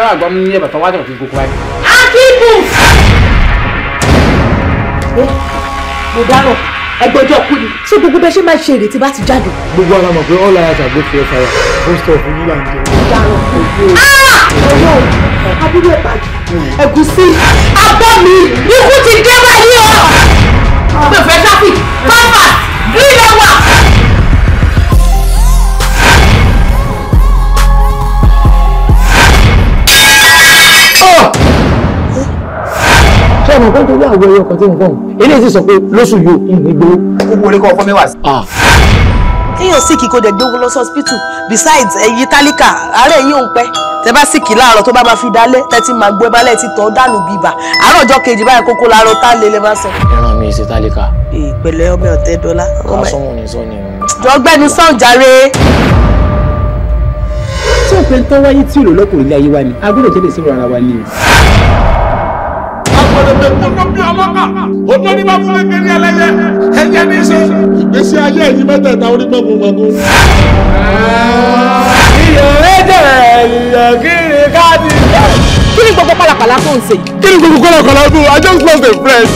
àgbà mi ní ẹ̀bàtà wájà kí n kókó báyìí. akíkùn. ẹ mo dárò ẹgbẹjọ kú ni ṣé gbogbo bẹ ṣe máa ṣe èrè tí bá ti jáde. gbogbo ara mọ̀ pé all eyes are good for your fire most of you là ń jẹ. dárò kòkó ọwọ́ abúlé ìbàdí ẹ̀gúsí abọ́ mi ikú ti dé báyìí o. pẹ̀fẹ́ traffic five past three ṣé àwọn kan tó rí àwọn ẹyọ kan tí mo fọ́n eléyìí sì sọ pé lóṣù yóò ìlú gbowó. gbogbo orí kọ́ ọkọ mẹ́wàá sí. Ah. kéèyàn síkì kó dẹ̀ gbéwó lọ sọ́spítù besides ẹ̀yin tálíkà àárẹ̀ yín òun pẹ́ tẹ bá síkì láàárọ̀ tó bá máa fi dálé tẹ́tí máa gbé balẹ̀ tí tọ́ dànù bíbà àárọ̀ ọjọ́ kejì báyìí kókó láàárọ̀ tá lè lè máa sọ. ẹran mi ṣe tálíkà. ìpẹ̀lẹ́ ọmọ ọ̀tẹ́ dọ́là. kásánwó ni sọ ni. jọgbẹ́ni sàn jàre. tí òpin tó wáyé tí ìrò lọ́kùnrin ilé ayé wa ni agbódò tó lè sí ara wa ni ọ̀rẹ́dẹ̀ kúndùn bí ọlọ́kà olórí bá fún kékeré ẹlẹ́yẹ ẹ̀jẹ̀ ní í ṣe. ìgbésí ayé yìí mẹ́tẹ̀ẹ̀ta orí gbọ̀ngàn gbọ̀ngàn. iyọ̀ ẹ̀jẹ̀ iyọ̀ kiri káàdì. kí ni gbogbo pàlàpàlà tó ń ṣe yìí. kí ni gbogbo pàlàpàlà tó I just lost a friend.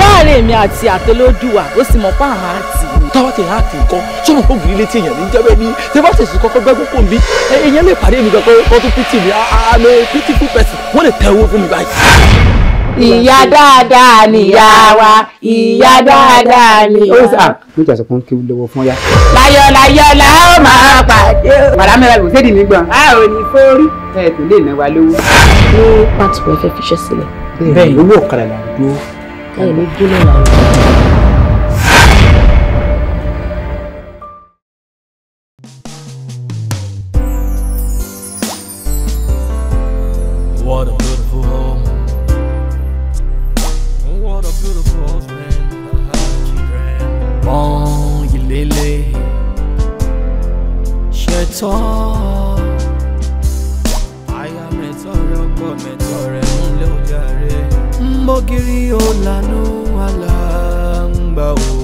láàárín èmi àti àtẹlójú wa ó sì mọ̀ pé àwọn àti táwa ti há kì í kọ́ sọ́mọ̀ kó gírí létí èèyàn ní jẹ́bẹ́ bí tẹ́fà tẹ̀sí kọ́kọ́ bẹ́ kókó mi èèyàn lè pàdé mi kankan kọ́ tó pìtì mi àmì pìtì fún pẹ̀sì wọ́n lè tẹ owó fún mi báyìí. ìyá dáadáa nìyá wa ìyá dáadáa ni ó sà. mo jà sọ pé ń lọ́wọ́ fún ya. láyọ̀ láyọ̀ la ó máa pàdé. màdámẹ́ra kò sédìí nígbà a ò ní fórí. ẹ kò lè ná wa lówó. ní ẹ fẹ́ fiṣẹ́ sílẹ̀. bẹ́ẹ̀ gọ́ọ̀mẹ̀ntì ọ̀rẹ́ ńlẹ̀ òjàre. mbọ́gìrì ó lanú àlà ń gbà wò.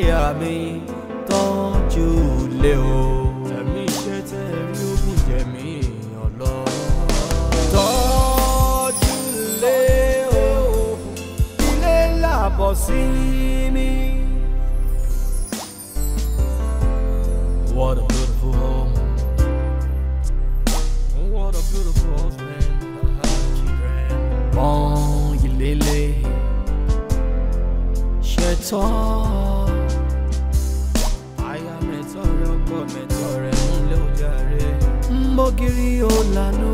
láyà mi tọ́jú lé o. ẹ̀mí iṣẹ́ tẹ́ rí ogun jẹ̀mí èèyàn lọ. tọ́jú lé o ilé làbọ̀ sí mi. What a beautiful home. What a beautiful husband. Mọ ìlélẹ̀ ṣetán. la know.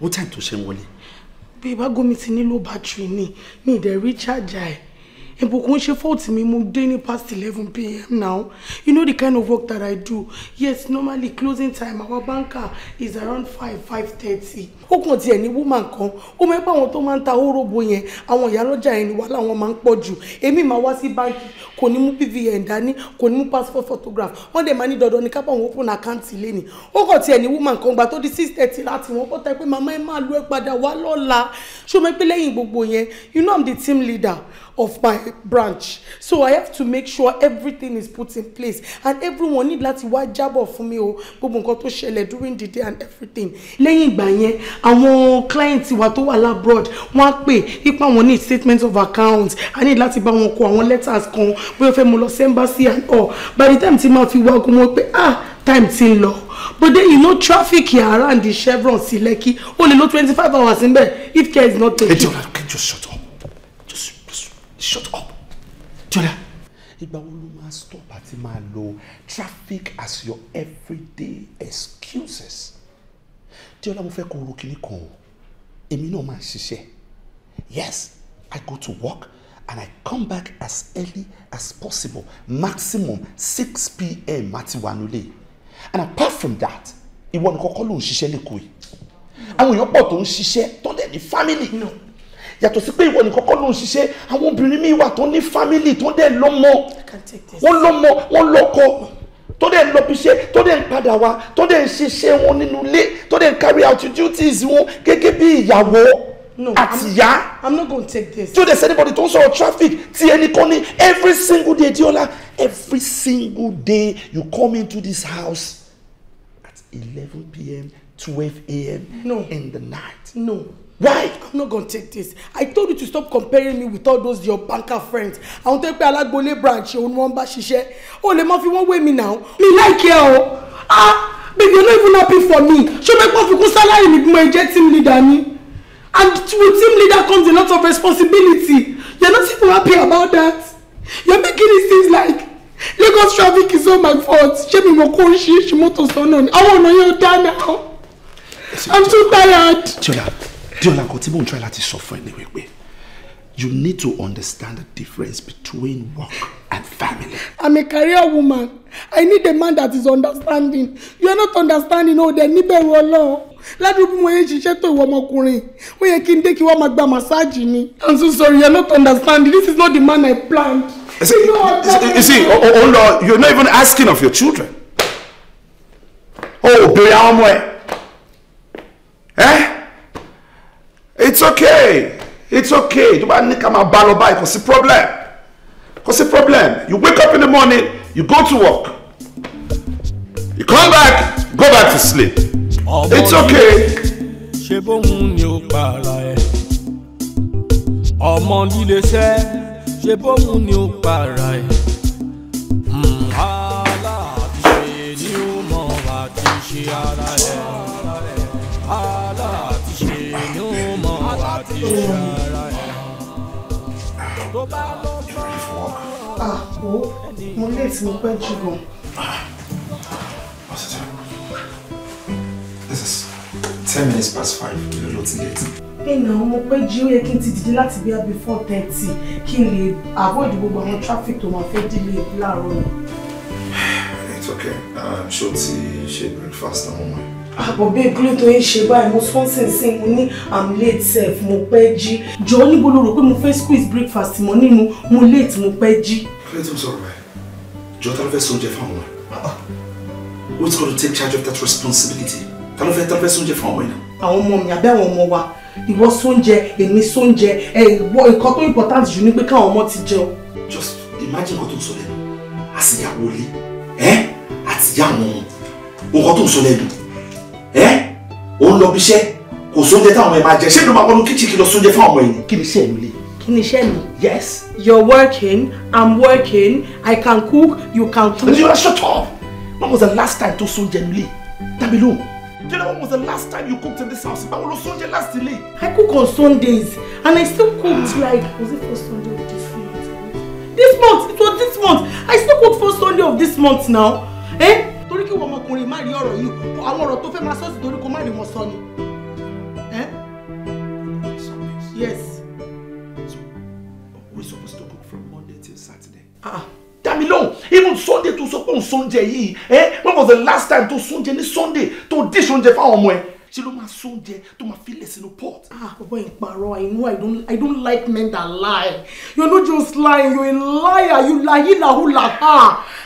ó tàn tó ṣe ń wọlé. bí ìbágomi ti nílò battery. ni mi ì recharge rí ìbùkún ṣe fault mi me, dé ní past 11 pm now you know the kind of work that i do yes normally closing time our banker is around five five thirty ó see any woman come. ó mọ̀ pé àwọn tó máa ń ta hóróbo yẹn àwọn ìyálọ́jà yẹn ni wà láwọn máa ń pọ̀ jù èmi máa wá sí báńkì kò ní mú passport photograph wọ́n dẹ̀ máa ní dandan ní kápá òun open account ilé ni ó kàn woman come. But tó di six thirty láti wọ́n kọ́ta pé màmá ẹ máa lo ẹ padà wá lọ́la ṣó mọ̀ you know i'm the team leader of my branch so i have to make sure everything is put in place and everyone need láti wá jábọ̀ fún mi o gbogbo nǹkan tó ṣẹlẹ̀ during the day and everything lẹ́yìn ìgbà yẹn àwọn client wa tó wà labroad wọ́n á pè ipa wọn need statement of account i need láti bá wọn kọ àwọn letters kan bóyá fẹ́ mo lọ sí embassy and all by the time tí màá fi wá ogun wọn pé ah time ti ń but then you know traffic here around the chevron sí Lekki ó lè lò twenty five hours níbẹ̀ if care is not taken. can you shut up? shut up jọlá ìgbà wo ló máa stop at máa lo traffic as your everyday excuses jọlá mo fẹ́ kó ro kinní kan o èmi náà máa ṣiṣẹ́ yes i go to work and i come back as early as possible maximum 6 pm àti wà nílé and apart from that ìwọ nìkan kọ́ ló ń ṣiṣẹ́ lẹ́kọ̀ọ́ yìí àwọn èèyàn to tó ń ṣiṣẹ́ tó dẹ̀ ní family. No yàtọ̀ sí pé ìwọ nìkan kọ́ ló ń ṣiṣẹ́ àwọn obìnrin míì wà tó ní fámìlì tó dẹ̀ lọ́mọ wọ́n lọ́mọ wọ́n lọ́kọ tó dẹ̀ ń lọ bíṣẹ́ tó dẹ̀ ń padà wá tó dẹ̀ ń ṣiṣẹ́ wọn nínú ilé tó dẹ̀ ń carry out duties wọn gẹ́gẹ́ bí ìyàwó àti ìyá tí ó dẹ̀ sẹ́ni bọ́dì tó ń sọ̀rọ̀ traffic ti ẹni kan ní every single day Diola every single day you come into this house at eleven pm twelve am no. in the night. No why i'm not gonna take this i told you to stop comparing me with all those your banker friends àwọn tó ń pè alágbolé branch òun ni wọ́n bá ṣiṣẹ́ o lè má fi wọ́n wé mi náà mi láìkẹ́ o ah baby you not even happy for me ṣé o fẹ́ pọ́ fikún sálárì my jet, mo jẹ́ team leader ni and with team leader comes a lot of responsibility you're not even happy about that you're making it seem like Lagos traffic is all my fault ṣé mi mọ̀ kó oríṣiríṣi mọ́tò sọ́nà ni àwọn ọ̀nà yẹn ò dáná i'm so tired. Chula. Diola, nǹkan tí mò ń try láti sọ you need to understand the difference between work and family. I'm a career woman. I need a man that is understanding. You are not understanding. Oh, dẹ̀ níbẹ̀rù Ọlọ́run. Ládùúgbò mo yẹ ṣiṣẹ́ tó ìwọ ọmọkùnrin. Ó yẹ take you dé kí wọ́n máa gba màsáàjì ni. I'm so sorry, you are not understanding. This is not the man I planned. See, you know see, see oh, oh, oh you're not even asking of your children. Oh, bèrè àwọn Eh? it's okay it's okay tó bá ní ká máa bá lọ báyìí kò sí problem kò sí problem you wake up in the morning you go to work you come back go back to sleep it's okay. ṣe bóun ni ó para ẹ ọmọ líle ṣẹ ṣe bóun ni ó para ẹ. Ah, oh, mo late mo pẹ́ jù gan. What's the time? This is ten minutes past five. Kí ló ti late? Ẹ̀nà mo pẹ́ jí ó yẹ kí n ti dìde láti bí abẹ́ before thirty kí n lè avoid gbogbo àwọn traffic tó máa fẹ́ dílé láàárọ̀ yìí. It's okay. Um, Ṣó ti ṣe breakfast àwọn ọmọ yìí? àbọ̀ bí ìkúlé tó ń ṣe báyìí mo sponsor sí mo ní i'm late sef mo pẹ́ jí jọ níbo ló rò pé mo fẹ́ squeeze breakfast mọ́ nínú mo late mo pẹ́ jí. kílẹ̀ tó sọ̀rọ̀ báyìí jọ ta ló fẹ́ sóúnjẹ fáwọn ẹ̀ who's gonna take charge of that responsibility ta ló fẹ́ ta ló fẹ́ sóúnjẹ fáwọn ẹ̀ náà. àwọn ọmọ mi àbẹ́ àwọn ọmọ wa ìwọ sóúnjẹ èmi sóúnjẹ ẹ ìwọ nǹkan tó important jù ni pé káwọn ọmọ ti jẹun. just imagine nǹkan tó ń sọ lẹ́nu àtìyàwó ilé ẹ àtìyàwó nǹkan tó ń sọ lẹ́nu ẹ́ ò ń lọ bí iṣẹ́ kò sóúnjẹ táwọn ọmọ ẹ̀ máa jẹ ṣé ló máa wọnú kíchìn kí lọ sóúnjẹ fún ọmọ ẹ̀ ni. kí ni iṣẹ́ ìlú lè. kí ni iṣẹ́ mi. yes. you're working i'm working i can cook you can cook. you are shut up when was the last time tó sóúnjẹ nílé tàbí lóhùn. Do you know when was the last time you cooked in this house? Báwo ló sóúnjẹ last ilé? I cook on Sundays and I still cooked like was it for Sunday of this month? This month it was this month I still cook for Sunday of this month now. Eh? torí kí wọn ọmọkùnrin má rí ọ̀rọ̀ yìí àwọn ọ̀rọ̀ tó fẹ́ máa sọ́ọ̀sì torí kó má rí wọn sọ ni. yes. we supposed to cook from monday till saturday. ah dami lóhùn even sunday tó sọ pé òun sunday yìí eh when was the last time tó sunday ní sunday tó dish oúnjẹ fáwọn ọmọ ẹ ṣe ló máa sún oúnjẹ tó máa filẹ̀ sínú pot. ah bàbá ìparọ́ i know i don't i don't like men that lie you're not just lying you're a liar you lie hílàhùlà ah, ha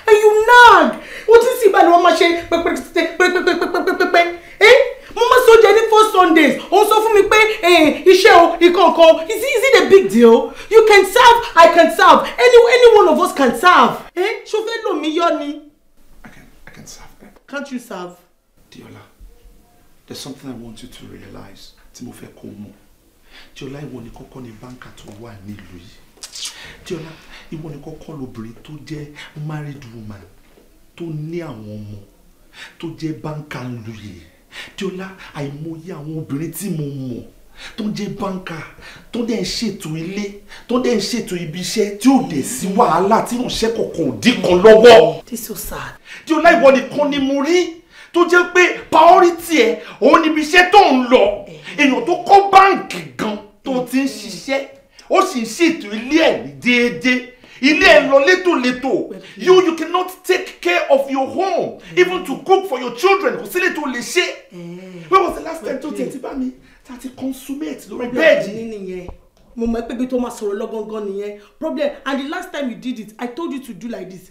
and you nag o ti sì báyìí wọ́n máa ṣe pẹ́pẹ́pẹ́pẹ́pẹ́pẹ́pẹ́ ẹ́ eh? mo máa sọ oúnjẹ ní four sundays òun sọ fún mi pé eh, iṣẹ́ o ìkọ̀ọ̀kan is it is it a big deal you can serve i can serve any any one of us can serve. Eh? ṣo fẹ́ lò mí yọ ni. i can i can serve. can't you serve. diola there's something I want you to realize tí mo fẹ́ kó mọ̀ Jọlá ìwọ ni kọ́kọ́ ni báńkà tó wà nílùú yìí Jọlá ìwọ ni kọ́kọ́ lobìnrin tó jẹ́ married woman tó ní àwọn ọmọ tó jẹ́ báńkà ńlùú yìí Jọlá àìmọye àwọn obìnrin tí mo mọ̀ tó jẹ́ báńkà tó dẹ̀ ń ṣètò ilé tó dẹ̀ ń ṣètò ibi iṣẹ́ tí ò dẹ̀ sí wàhálà tí ìrànṣẹ́ kọ̀ọ̀kan ò dín kan this is so sad. Jọlá ìwọ nìkan ni mo rí tó jẹ́ pé priority ẹ̀ òun níbi iṣẹ́ tó ń lọ èèyàn tó kọ́ báǹkì gan tó ti ń ṣiṣẹ́ ó sì ń ṣètò ilé ẹ̀ ní déédéé ilé ẹ̀ lọ létòlétò you you cannot take care of your home even to cook for your children kò sílẹ̀ tó lè ṣe eh. when was the last time tó tiẹ̀ ti bá mi tá a ti consummate lórí bẹ́ẹ̀dì mo mọ̀ pé bí tó máa sọ̀rọ̀ lọ́gọ́ngàn nìyẹn problem and the last time you did it i told you to do like this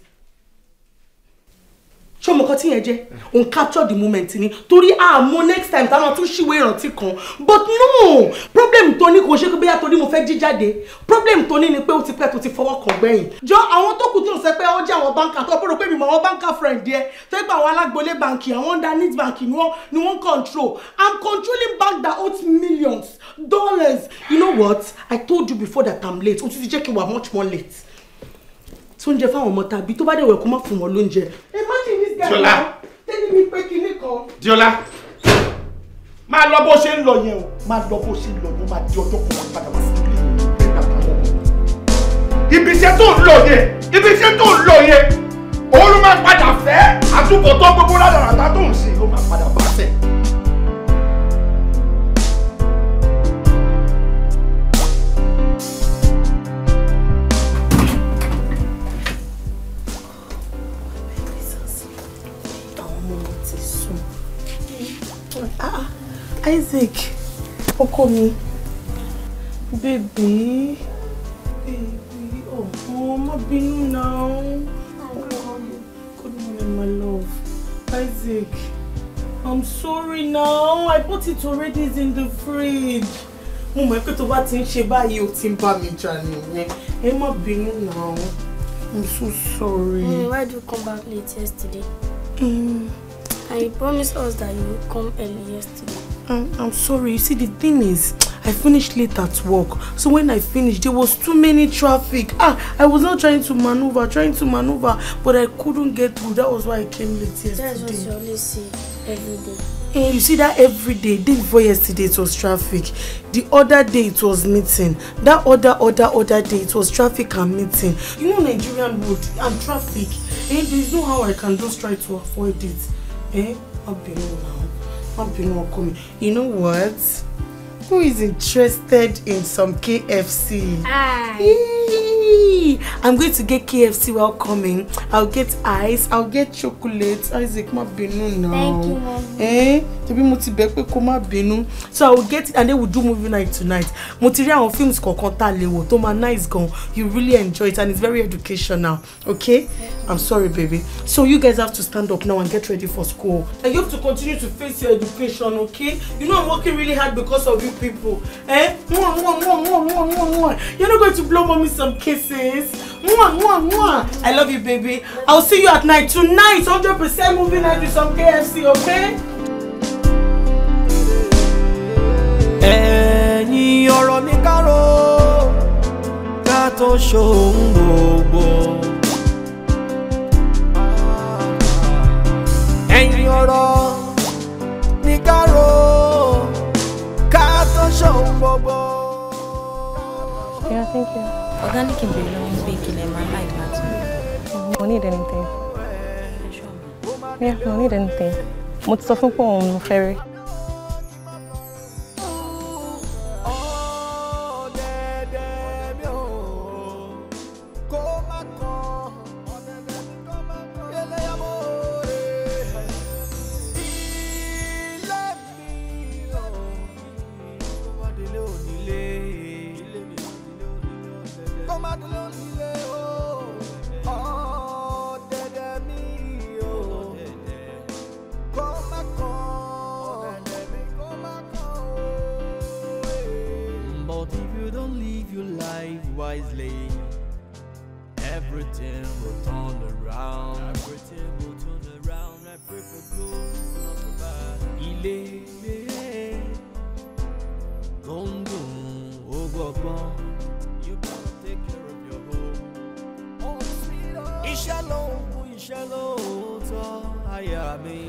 ṣé o mọ̀ kan tí yẹn jẹ́ òun capture the moment ni torí àmọ́ next time táwọn tún ṣìwé ìrántí kan but no problem tó ní kò ṣe pé bóyá torí mo fẹ́ jí problem tó ní ni pé ó ti pẹ́ tó ti fọwọ́ kan gbẹ̀yìn. jọ àwọn tó kù tó ń sẹ pé ó jẹ́ àwọn báńkà tó bọ̀rọ̀ pé mi mọ̀ àwọn báńkà friend yẹ tó ń pa àwọn alágbólé báńkì àwọn under need báńkì ni wọ́n ni wọ́n control i'm controlling bank that owes millions dollars you know what i told you before that i'm late o ti ti jẹ́ kí n wà much more late sóúnjẹ fáwọn ọmọ tàbí tó bá dẹ̀ wẹ̀ kó má fún wọn lóúnjẹ. imagine this guy now tẹ́lẹ̀ mi pé kinní kan. diola máa lọ bó ṣe ń lọ yẹn o máa lọ bó ṣe ń lọ yẹn o máa di ọjọ́ kan wá padà wá sí ibi iṣẹ́ tó ń lọ yẹn ibi iṣẹ́ tó ń lọ yẹn òun ló máa padà fẹ́ àtúbọ̀tán gbogbo ládàrá tó ń ṣe ló máa padà bá tẹ̀. ah Isaac ọkọ mi bèbè oh, ọ̀hún má bínú náà good morning my love Isaac I'm sorry now I put it already in the fridge mo mọ̀ pé tó bá ti ń ṣe báyìí ó ti ń bá mi jà nìyẹn ẹ má bínú náà I'm so sorry. Mm, why do you come back late yesterday? Mm. And you promised us that you would come early yesterday. Um, I'm sorry. You see, the thing is, I finished late at work. So when I finished, there was too many traffic. Ah, I was not trying to maneuver, trying to maneuver, but I couldn't get through. That was why I came late yesterday. That's what you always see every day. And eh, you see that every day. Day before yesterday, it was traffic. The other day, it was meeting. That other, other, other day, it was traffic and meeting. You know Nigerian road and traffic. And eh, there is no how I can just try to avoid it. Eh, I'll be now. i have been no coming. You know what? who is interested in some KFC? Aye. I'm going to get KFC while coming. I'll get ice, I'll get chocolate. Isaac, má bínú now. Thank you, mommy. Eh? Tàbí mo ti bẹ̀ pé kó má bínú. So I will get it and then we'll do movie night tonight. Mo on rí àwọn films kọ̀ọ̀kan tá a lè wò tó nice gan. You really enjoy it and it's very educational. Okay? I'm sorry, baby. So you guys have to stand up now and get ready for school. And you have to continue to face your education, okay? You know I'm working really hard because of you people. Eh? Mwah, mwah, mwah, mwah, mwah, mwah, mwah. You're not going to blow mommy some kisses. Mwah, mwah, mwah. I love you, baby. I'll see you at night. Tonight, 100% movie night with some KFC, okay? Ẹ̀yin ọ̀rọ̀ ní káró ká tó ṣòun gbogbo. Ẹ̀yin ọ̀rọ̀ ní káró. Yeah, thank you. Organic and belong baking and my light matter. No need anything. Yeah, no need anything. Mo ti sọ fún pé òun mo fẹ́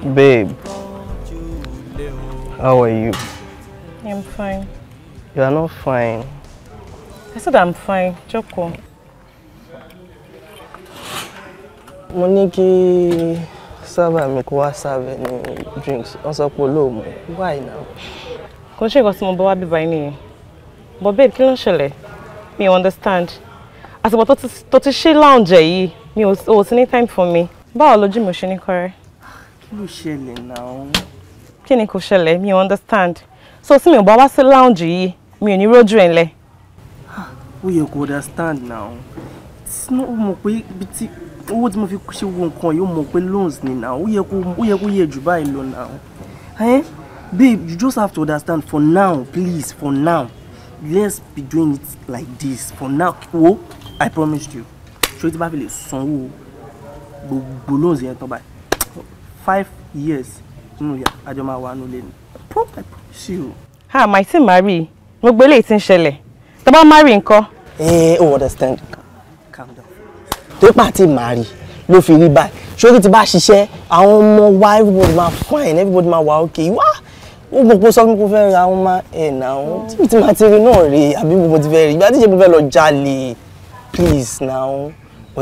Babe, how are you? I'm fine. You are not fine. I said I'm fine. Jókòó. Mo ní kí server mi kó wá serve ní drinks. Wọ́n sọ pé Why now? Kò ṣe nǹkan tí mo bá wá bíbá But babe, kí ló ń ṣẹlẹ̀? Mi ò understand. Àtìgbà tó ti lounge yìí, mi ò sí ní time for me. Báwo lójú mi ò ṣe kí ló ṣẹlẹ̀ náà. kí ni mi understand so tí mi ò bá wá sí lounge yìí mi ò ní rójú ẹ̀ lẹ. Ah, ó yẹ understand now. It's mọ̀ pé ibi tí owó tí mo fi ṣe wo nǹkan yìí ó mọ̀ pé loans ni náà ó yẹ kó yẹ jù báyìí lọ náà. Eh? babe you just have to understand for now please for now let's be doing it like this for now wo i promise you ṣé o ti bá fi lè sanwó gbogbo loans yẹn tán báyìí five years nínú ìyá àjọ máa wà nílé ni proper sí ha my team marry gbogbo eléyìí ti ń ṣẹlẹ̀ tó bá marry ńkọ́. ẹ ẹ o understand. calm down. torí pa àti marry ló fi rí báyìí ṣókí ti bá ṣiṣẹ́ àwọn ọmọ wa everybody ma fine everybody ma wa okay wá ó gbogbo sọ pé kò fẹ́ ra àwọn ọmọ ẹ̀ náà oh. tí mo ti máa ti rí náà rèé àbí gbogbo ti fẹ́ rí ìgbà tí ìṣe mo fẹ́ lọ jalè please now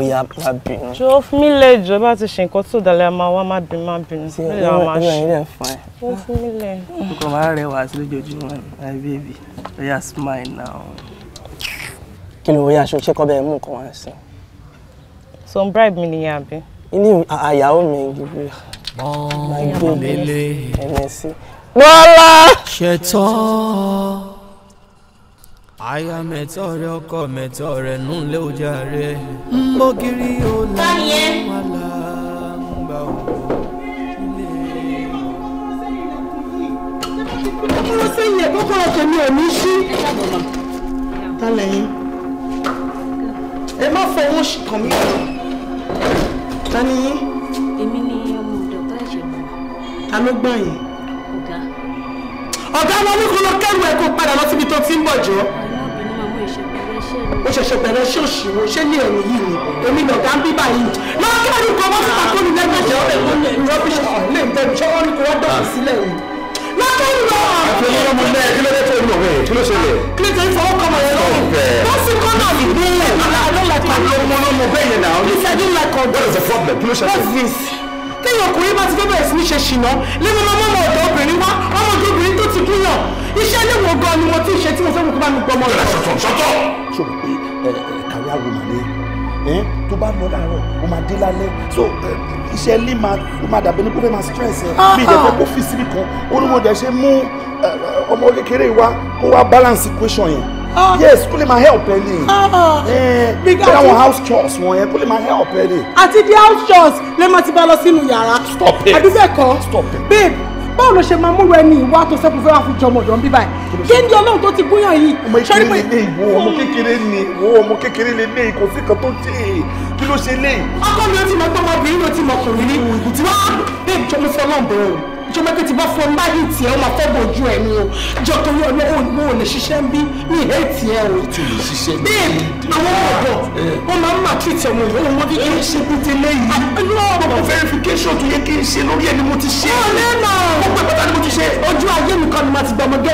ó yá má bínú. jọ fún mi lẹ́jọ́ bá ti ṣe nǹkan tó dalẹ̀ a máa wá má bínú má bínú sí ilé àwọn aṣọ ìwé ilé fún ẹ. ó fún mi lẹ. nǹkan máa rẹwà sí lójoojúmọ́ my baby ó yá smile now. kí ló yá aṣọ ṣé kọ́ bẹ́ẹ̀ mú nǹkan wá sí. so n bribe mi nìyẹn àbí. ilé àyàwó mi gbogbo my baby ẹ̀mẹ̀sí. bọ́lá. ṣètò aya mẹtọ rẹ ọkọ mẹtọ rẹ nulẹ ọjà rẹ ń bọ kiri ọlà wàlà ń gbà ọ. kọ́kọ́rọ́ sẹ́yìn ẹ̀ kọ́kọ́rọ́ tèmi ò ní sí. ta lẹ́yìn ẹ má fọwọ́ kàn mí. ta ni yín. èmi ni ọmọ ọ̀dọ̀ tó ẹ̀ṣẹ̀ mọ́. ta ló gbà yín. ọ̀gá. ọ̀gá wọn ní kó lọ kẹ́rù ẹ̀ kó padà lọ síbi tó ti ń bọ̀ jọ ó ṣẹ̀ṣẹ̀ bẹ̀rẹ̀ ṣé òṣìwò ṣé ní ẹ̀rù yìí ni èmi lọ̀gá ń bí báyìí máa kẹ́rù kan wọ́n fà kó mi lẹ́nu ìjọ rọ́bìṣì ọ̀lẹ́ ìtẹ́nu ṣé wọ́n ní kó wọ́n dọ̀kì sílẹ̀ yìí. lọ́kẹ́rù lọ. àti ọmọ ọmọ náà kí ló dé tó ń lọ bẹ́ẹ̀ kí ló ṣe kí ló ṣe ń fọwọ́ kọmọ yẹn lọ́wọ́ wọ́n kọ́nà ìbílẹ̀ téèyàn ọkùnrin bá ti fẹ́ bẹ̀rẹ̀ sí ní ṣe ṣìnà lẹ́nu ọmọ ọmọ ọ̀dọ́ obìnrin wá ọmọ ọdọ obìnrin tó ti kúyàn iṣẹ́ léwo gan ni mo ti ṣe tí mo fẹ́ mú kó bá mi gbọmọ rẹ̀. ṣọtọ ṣọtọ. ṣò wò pé kárí àwọn ọmọ tó bá lọ láàárọ̀ ó máa dé lálẹ́ so iṣẹ́ ilé máa ó máa dàbí ní kó fẹ́ máa stress ẹ bí uh-huh. ìdẹ̀fẹ́ kó fi síbi kan ó ní mo dẹ̀ ṣe mú ọmọ kékeré wa kó wá balance equation yẹn Ah. yes kúlẹ̀ máa help ẹ ni bí àwọn house chores wọn yẹn kúlẹ̀ máa help ẹ ni. àti di house chores lè máa ti bá lọ sínú yàrá. stop it àdúgbò ẹ̀kọ́ babe báwo ló ṣe máa múlò ẹni ìwà tó sẹ́kùn fẹ́ wá fún jọmọ ọ̀dọ́ ń bí báyìí kí ni ọlọ́run tó ti gúnyàn yìí. ọmọ kékeré lè dé ìwọ ọmọ kékeré ni ìwọ ọmọ kékeré lè dé ìkò sí kan tó tì í kí ló ṣe lé. ọkọ mi ò ti mọ tọmọbìnrin ló ti mọ ọkùnrin ní ìtìwá bẹẹ jọmọ fọlọ́ọ̀bù rẹ o jọ mẹ́kẹ́ ti bá fún ọ má yìí tiẹ̀ ó máa fẹ́ bojú ẹ̀ ni o jọ torí ọ mo ò lè ṣiṣẹ́ ń bí mi ì tiẹ̀ o. tí àwọn ọ̀dọ́ wọn máa ń mà tí ìtẹ̀ wọn ìwé wọn kékeré ṣe bí tẹ́lẹ̀ yìí. àbẹ̀lú ah, ọ̀pọ̀ verification tó yẹ kí n ṣe lórí ẹni mo ti ṣe. ọ̀lẹ́ ah, náà mo pẹ́ pátá ni mo ti ṣe. ojú ayé mi kan ni màá ti gba ọmọdé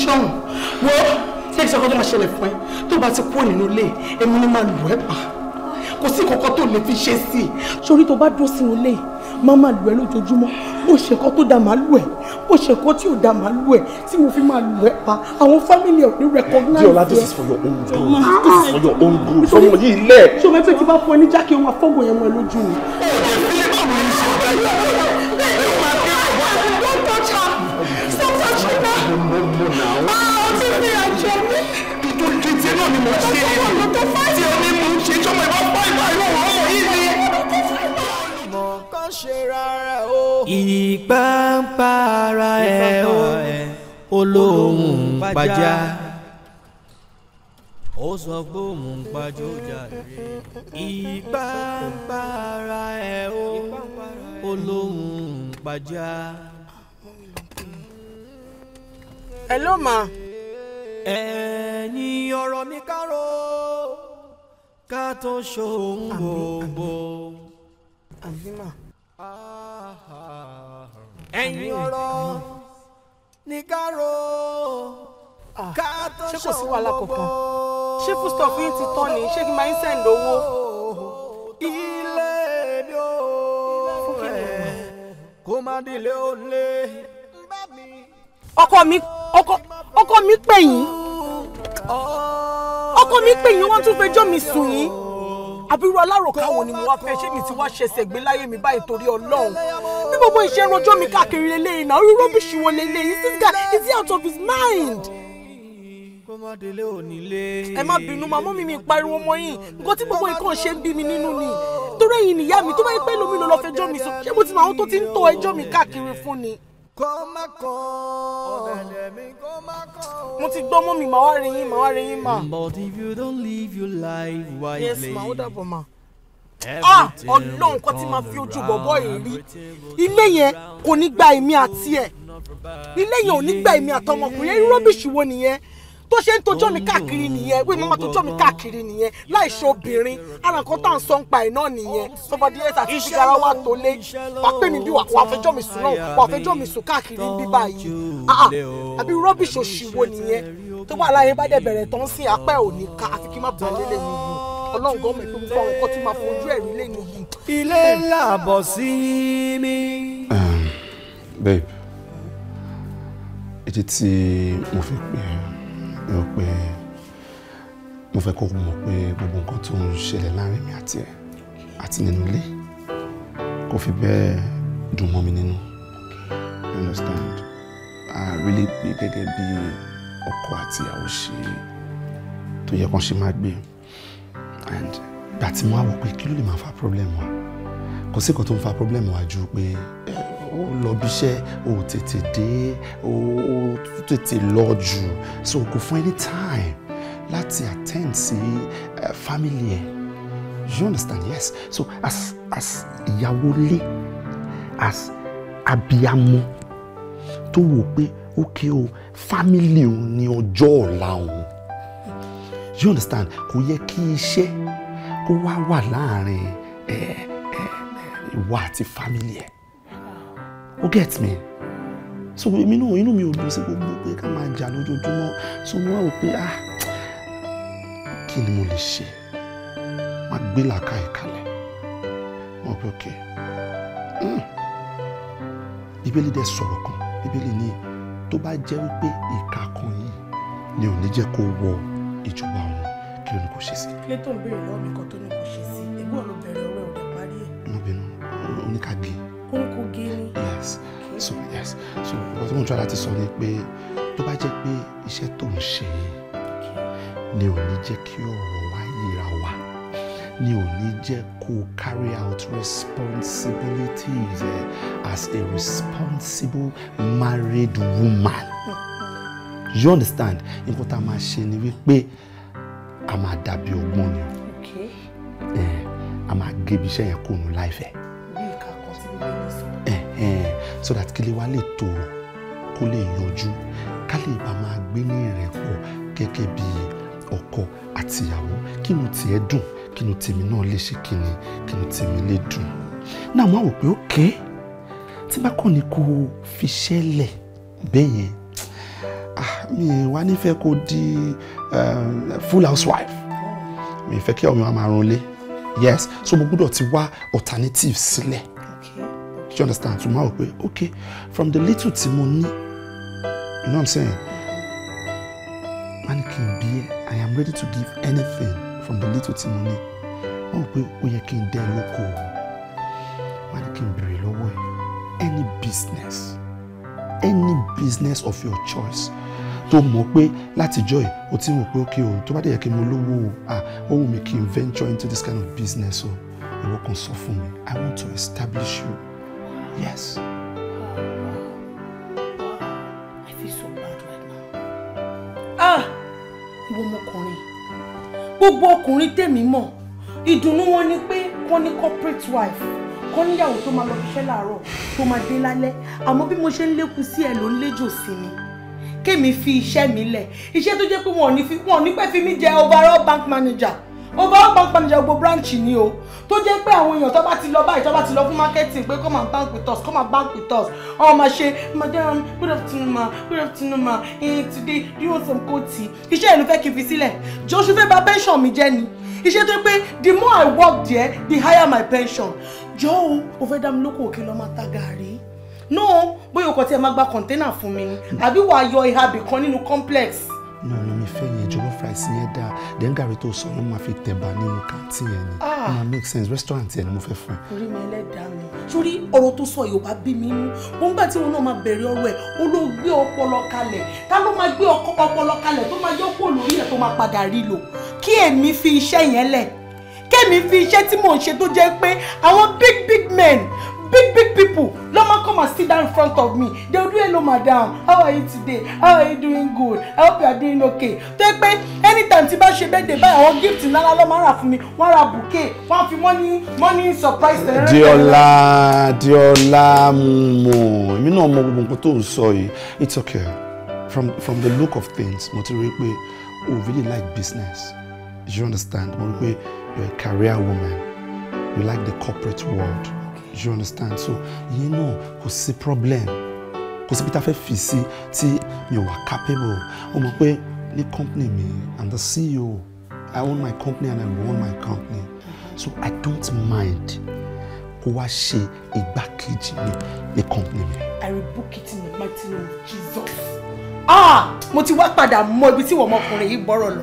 yìí. lọ́jọ́ ṣé kí tó máa ṣẹlẹ̀ fún ẹ tó bá ti kúrò nínú ilé èmi ni máa lù ẹ́ pa kò sí kankan tó lè fi ṣe sí i. sori tó bá dúró sínú ilé máa máa lù ẹ́ lójoojúmọ́ bó ṣe kọ́ tó da máa lù ẹ́ bó ṣe kọ́ tí ò da máa lù ẹ́ tí mo fi máa lù ẹ́ pa àwọn family ẹ̀ ò ní recognize ẹ. Deola this is for your own good this is for your own good fọmọ yìí lẹ. ṣé o mẹ́fẹ̀ẹ́ ti bá fún ẹ ní jákè ohun àfọ́gùn yẹn mọ́ ẹ lójú mi. mò ń ṣe tí omi mò ń ṣe tọ́mọ ìwà pọ́ ìwà ìwà ọmọ yìí ni. mọ̀ kán ṣe rárá o. ìgbàǹpá ara ẹ̀ o olóhùn pàjá ó sọ pé òun pàjọ jàre ìgbàǹpá ara ẹ̀ o olóhùn pàjá. hello ma ẹ̀yìn ọ̀rọ̀ mi kárò ká tó ṣòun gbogbo. àbímọ. ẹ̀yìn ọ̀rọ̀ ní kárò ká tó ṣòun gbogbo. ṣé kò sí wàhálà kankan ṣé foodstuff yín ti tán ni ṣé kí n máa ń sẹ́ǹd owó. ilé mi ò ẹ̀ kó má dilé òun lé. ọkọ mi ọkọ ọkọ mi pè yín ọkọ mi pè yín wọ́n tún fẹjọ́ mi sùn yín àbúrò aláròká ni mo wá fẹ́ ṣé mi ti wá ṣẹ̀ṣẹ̀ gbé mi báyìí torí Ọlọ́run bí gbogbo iṣẹ́ rojọ́ mi káàkiri lélẹ́yìn náà orí rọ́bìṣì wo lélẹ́yìn this guy is out of his mind ẹ má bínú màmú mi mi pariwo mọ́ yín nǹkan tí gbogbo nǹkan ṣe ń bí mi nínú ni torí ẹ̀yin nìyá mi tó bá yẹ pé lómi ló lọ fẹjọ́ mi sùn ṣé mo ti mọ àwọn tó ti ń tọ́ ẹjọ́ mi káàkiri fún ni kọ́ kọ́ ọ̀dẹ̀dẹ̀ mi kọ́ kọ́. mo ti gbọ́ mú mi màá wá rí yín màá wá rí yín mà. but if you don't live your life wisely. yes ma ó dàbọ̀ ma. ah ọlọ́run kan tí màá fi ojú bọ̀bọ̀ yìí rí ilé yẹn kò ní gba èmi àti ẹ̀ ilé yẹn ò ní gba èmi àtọmọkùnrin irú rọ́bìṣì wo nìyẹn bó ṣe ń tojọ́ mi oh, káàkiri nìyẹn wí mọ́mọ́ oh, tojọ́ mi oh, káàkiri nìyẹn láì obìnrin ara tá à ń sọ ń pa ẹ̀ nìyẹn sọba ds àti figara wa tó lé wà pé mi wà fẹjọ́ mi sùn náà wà fẹjọ́ mi sùn káàkiri bí báyìí ah, ah. àbí rọ́bìṣì òṣìwò nìyẹn tó bá aláyé bá dẹ̀ bẹ̀rẹ̀ tán sí apẹ́ òní ká àfi kí má bàa lélẹ̀ mi yìí ọlọ́run gan mọ̀ gbogbo àwọn nǹkan tí máa fojú ẹ̀rí lé nìyí. ilé ńlá bọ̀ sí ehm, babe ètí tí mo fi pè é mi ò pé mo fẹ́ kó mọ̀ pé gbogbo nǹkan tó ń ṣẹlẹ̀ láàrin mi àti ẹ̀ àti nínú ilé kò fi bẹ́ẹ̀ dùn mọ́ mi nínú you understand I really gbé gẹ́gẹ́ bí ọkọ àti ìyàwó ṣe tó yẹ kán ṣe máa gbé and gbà tí mo á wò pé kí ló lè máa fa problem wa kò sí nǹkan tó ń fa problem wa ju pé eh, ó lọ bí iṣẹ́ ó tètè dé ó tètè lọ jù so kò fún any time láti attend sí eh, family ẹ you understand yes so as as ìyàwó lé as abiyamọ tó wò pé ókè o family òun ni ọjọ́ ọ̀la òun you understand kò yẹ kí iṣẹ́ kó wá wà láàrin ẹ eh, ẹ eh, ìwà àti family ẹ. O get me so èmi náà inú mi ò dùn sí gbogbo pé ká máa jà lójoojúmọ́ so mo wá rò pé ah kí ni mo lè ṣe má gbé làákàyè kalẹ̀ mo rò pé ok hmm. bíbélì dẹ̀ sọ̀rọ̀ kan bíbélì ní tó bá jẹ́ wípé ìka kan yìí ni ò ní jẹ́ kó wọ ìjọba ọ̀run kí ló ní kó ṣe sí. clayton béèrè lọ́wọ́ mi kan tó ní kó ṣe sí ewu ọ̀lọ́ bẹ̀rẹ̀ ọ̀rọ̀ ẹ̀ ò dẹ̀ parí ẹ̀. mo oníkàgbé yes so nǹkan tó ń tọ́ láti sọ ni pé tó bá jẹ́ pé iṣẹ́ tó ń ṣe ni ò ní jẹ́ kí ọ̀rọ̀ wa yíra wa ni ò ní jẹ́ kó carry out responsibilities eh, as a responsible married woman you understand nǹkan tá a máa ṣe ni wípé a máa dàbí ọgbọ́n ni o a máa gé ibi iṣẹ́ yẹn kúrò ní láìfẹ́ so that kí lè wá lè tòrò kó lè yọjú ká lè bá máa gbé ní ìrẹ́pọ̀ gẹ́gẹ́ bí ọkọ àtìyàwó kínú tiẹ̀ dùn kínú tèmi náà lè ṣe kíni kínú tèmi lè dùn náà máa wò pé ó ké tí bá kàn ah, ní kó o fi ṣẹlẹ̀ bẹ́ẹ̀ yẹn mi wá nífẹ̀ẹ́ kó di eh, full housewife mi fẹ́ kí ọmọ wa máa ronlé yes so mo gbọ́dọ̀ ti wá alternative sílẹ̀. Si Do you understand? So máa okay from the little tí you know what I'm saying? Mannequin can be. I am ready to give anything from the little tí mo ní. Wọ́n wò pé ó yẹ kí n dẹ́ any business any business of your choice tó mọ̀ pé látijọ́ ẹ̀ o ti mọ̀ pé ókè o tó bá dẹ̀ yẹ kí mo lówó o ah ohun mi kì í venture into this kind of business o ìwọ kan sọ fún mi I want to establish you. Yes. Uh, uh, uh, I feel so bad right now. Ah! Ìwọ ọmọkùnrin. Gbogbo ọkùnrin tèmi mọ̀. Ìdùnnú wọn ni pé wọ́n ní corporate wife. Kọ́ níyàwó tó to lọ fiṣẹ́ láàárọ̀ tó máa dé lálẹ́. Àmọ́ bí mo ṣe ń lékun sí ẹ ló ń léjò sí mi. Kémi fi iṣẹ́ mi lẹ̀. Iṣẹ́ tó jẹ́ pé wọn ò ní pẹ́ fi mí jẹ overall bank manager over panpanija gbogbo branch ni o tó jẹ́ pé àwọn èèyàn tó bá ti lọ báyìí tó bá ti lọ fún marketing pé come and bank with us come and bank with us ọ máa ṣe madam good afternoon ma good afternoon ma eh today do you want some cold tea iṣẹ́ ìlú fẹ́ kí n fi sílẹ̀ joshua fẹ́ bà pension mi jẹ́ ni iṣẹ́ tó pé the more i work there the higher my pension jọ o o fẹ́ dá mi lóko òkè lọ́ọ́ máa ta gàárì no bóyá o kò tiẹ̀ máa gba container fún mi àbí wàá yọ ìhà bìkan nínú complex. no no mi fẹ́ ẹ̀sìn yẹn dáa then gàrí tó sọ yẹn máa fi tẹ̀bà nínú kàǹtì yẹn ni ah! ó máa make sense restaurant yẹn ni mo fẹ́ fún orí mi ẹlẹ́dàá mi sórí ọ̀rọ̀ tó sọ yóò bí mi inú ó gbà tí wọn náà máa bẹ̀rẹ̀ ọ̀rọ̀ ẹ̀ ó ló gbé ọpọlọ kalẹ̀ ta ló máa gbé ọpọlọ kalẹ̀ tó máa yọ kó lórí ẹ̀ tó máa padà rí lò kí èmi fi iṣẹ́ yẹn lẹ̀ kémi fi iṣẹ́ tí mò ń ṣe tó jẹ́ pé àwọn big big men big big people ló come and sit down in front of me they will do hello madam how are you today how are you doing good i hope you are doing okay tó yẹ pé anytime tí bá ṣe birthday báyìí àwọn gift ńlá ló máa rà fún mi wọ́n ra bouquet wọ́n fi money money surprise tẹ̀lé. diola diola mo èmi náà mọ gbogbo nǹkan to ń sọ yìí it's okay from from the look of things mo ti rí pé o really like business you understand mo rí pé you are a career woman you like the corporate world you understand so you know, kò sí problem kò síbi tá a fẹ́ fi sí tí mi ò wà capable o mọ̀ pé ní company mi I'm the CEO I own my company and I run my company so I don't mind kó wá ṣe igbákejì mi ní company mi. I rebuke it in the mighty name of Jesus. ah mo ti wá padà mọ ibi tí wọ́n ọmọkùnrin yìí gbọ́rọ̀ lọ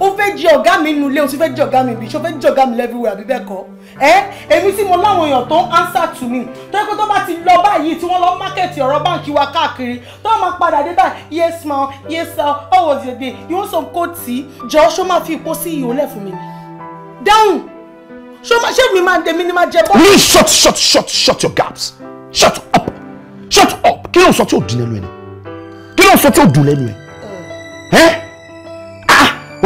ó fẹ́ jẹ ọ̀gá mi nínú ilé o sì fẹ́ jẹ ọ̀gá mi ibi ṣó fẹ́ jẹ ọ̀gá mi lẹ́fíwẹ̀ àbí bẹ́ẹ̀ kọ́ ẹ èmi tí mo láwọn èèyàn tó ń answer to me tó yẹ pé tó bá ti lọ báyìí tí wọ́n lọ mákẹ́ẹ̀tì ọ̀rọ̀ báǹkì wa káàkiri tó máa padà dé báyìí yes ma yes sir how was your day you want some cold tea jọ ṣó máa fi ipò sí ìhòòlẹ̀ fún mi dáhùn ṣó máa ṣé mi máa dèmi ni máa jẹ bọ́. please shut shut shut shut your gaps shut up shut up kí ló ń sọ tí ò dín lẹ́nu ẹ̀ kí ló ń sọ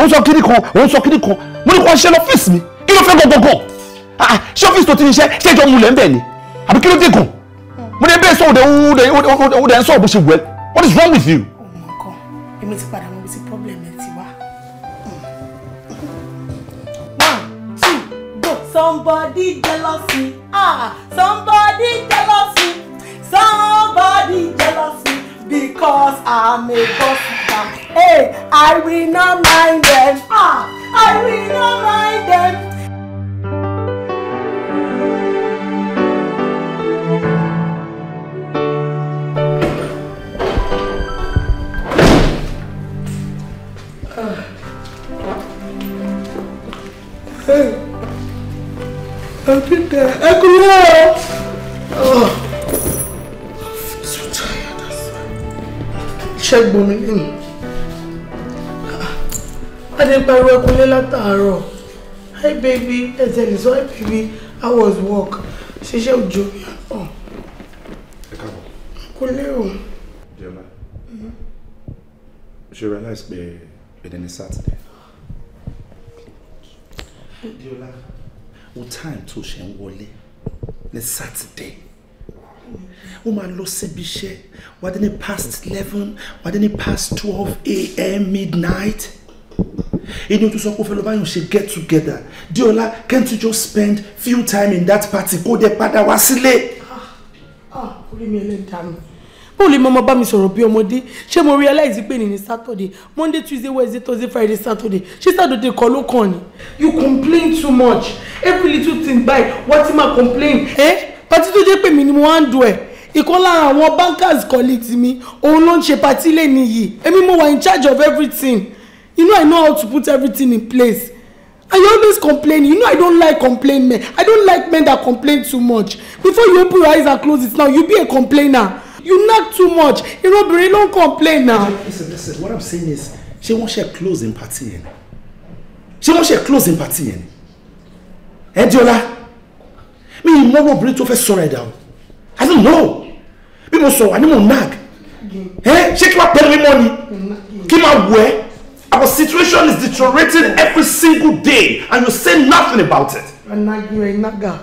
òun sọ kíní kan òun sọ kíní kan mo ní kó ṣe lọ́fíìsì mi kí ló fẹ́ gọ́gọ́gọ́ ah, ah, ṣé ọ́fíìsì tó ti ní iṣẹ́ ṣé ìjọ mulẹ̀ ń bẹ̀ ni àbí kí ló dé gan mo ní bẹ́ẹ̀ sọ òde òde ń sọ bó ṣe wẹ̀ what is wrong with you. Oh somebody jealous me ah somebody jealous me somebody jealous me because I'm a boss them. Hey, I will not mind them. Ah, I will not mind them. Hey, Peter, I could not. Oh, I'm so tired. Check Bumi. Mm didn't pay Adé pariwo ẹkúnlé látàárọ̀. Hi baby, ẹsẹ̀ lè sọ hi baby, I was work. Ṣiṣẹ́ òjò mi àpọ̀. Ẹ káàbọ̀. Ẹkúnlé o. Hmm. She realized pé èdè ni Saturday. Diola, o time to ṣe ń wọlé ní Saturday ó máa lọ síbi iṣẹ́ wà á past eleven wà á dé past twelve a.m. midnight èyí tó sọ pé fẹlẹ báyọ̀ ṣe get together diola can't you just spend few time in that party kó dẹ padà wá sílé. Ah, ah, orí mi ẹlẹ́dàá mi bó lè mọ́mọ́ bá mi sọ̀rọ̀ bí ọmọdé ṣé mo realize pé ní ní saturday monday tuesday wednesday thursday friday saturday ṣé saturday kọ́ ló kàn ni. you complain too much every little thing by wá ti máa complain. ẹ pati tó jẹ́ pé mi ni mo wá ń do ẹ̀ ìkan lára àwọn bankers colleagues mi òun ló ń ṣe pati lẹ́nu yìí èmi mo wà in charge of everything You know I know how to put everything in place. And you always complain. You know I don't like complain men. I don't like men that complain too much. Before you open your eyes and close it now, you be a complainer. You nag too much. You know, but you don't complain now. Listen, listen. What I'm saying is, she wants her closing party in. She wants her closing party in. Eh, Diola? Me, you know what Brito first sorry down. I don't know. People saw, I don't know nag. Eh? She can't pay me money. Kí ma wò ẹ́? deteriorating every single day and you say nothing about it. You're a, you're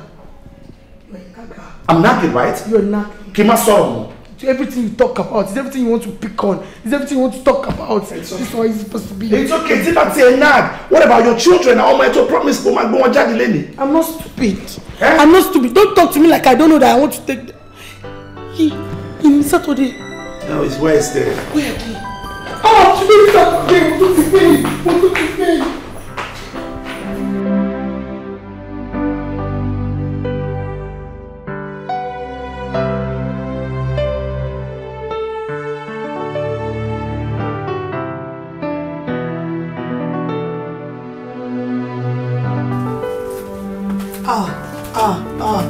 I'm nagging, right? You're a nagger. Kí n má everything you talk about is everything you want to pick on is everything you want to talk about it's okay. this one is supposed to be. it's okay tí bá tiẹ̀ nag what about your children na ọmọ ẹ i'm not stupid eh? i'm not stupid don't talk to me like i don't know that i want to take he in saturday. now it's wednesday. where are you? Ah, tu veux ça tu fais, on te fait, on te fait. Ah, ah, ah,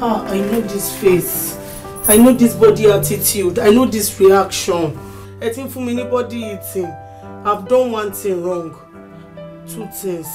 ah, I know this face. I know this body attitude. I know this reaction. I think for anybody, mi ní eating I've done one thing wrong two things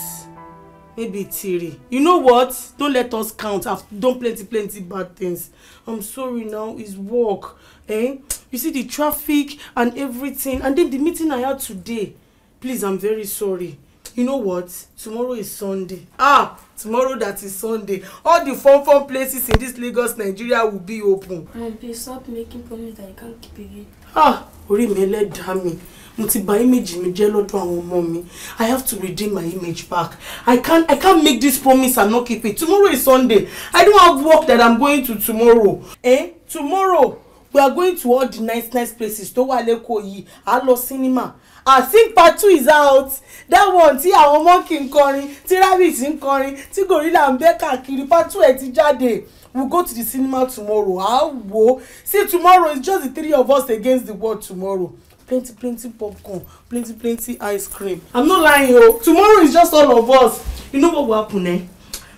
maybe three you know what don't let us count I've done plenty plenty bad things I'm sorry now it's work eh you see the traffic and everything and then the meeting I had today please I'm very sorry you know what tomorrow is Sunday ah tomorrow that is Sunday all the fun fun places in this Lagos Nigeria will be open. my babe stop making promise that you can't keep again. ah orí mi ẹlẹ́dàá mi mo ti bà image mi jẹ́ lọ́dọ̀ àwọn ọmọ mi i have to redeem my image back i can't i can't make this promise and not keep it tomorrow is sunday i don't have work that i'm going to tomorrow eh tomorrow we are going to all the nice nice places tó wà lẹ́kọ̀ọ́ yìí à lọ cinema i think part two is out that one tí àwọn monkey ń kọrin Ti rabbit ń kọrin Ti gorilla ń bẹ́ káàkiri part two ẹ̀ ti jáde we'll go to the cinema tomorrow ah wo see tomorrow is just the three of us against the world tomorrow plenty plenty popcorn plenty plenty ice cream i'm not lying o tomorrow is just all of us you know what will happen eh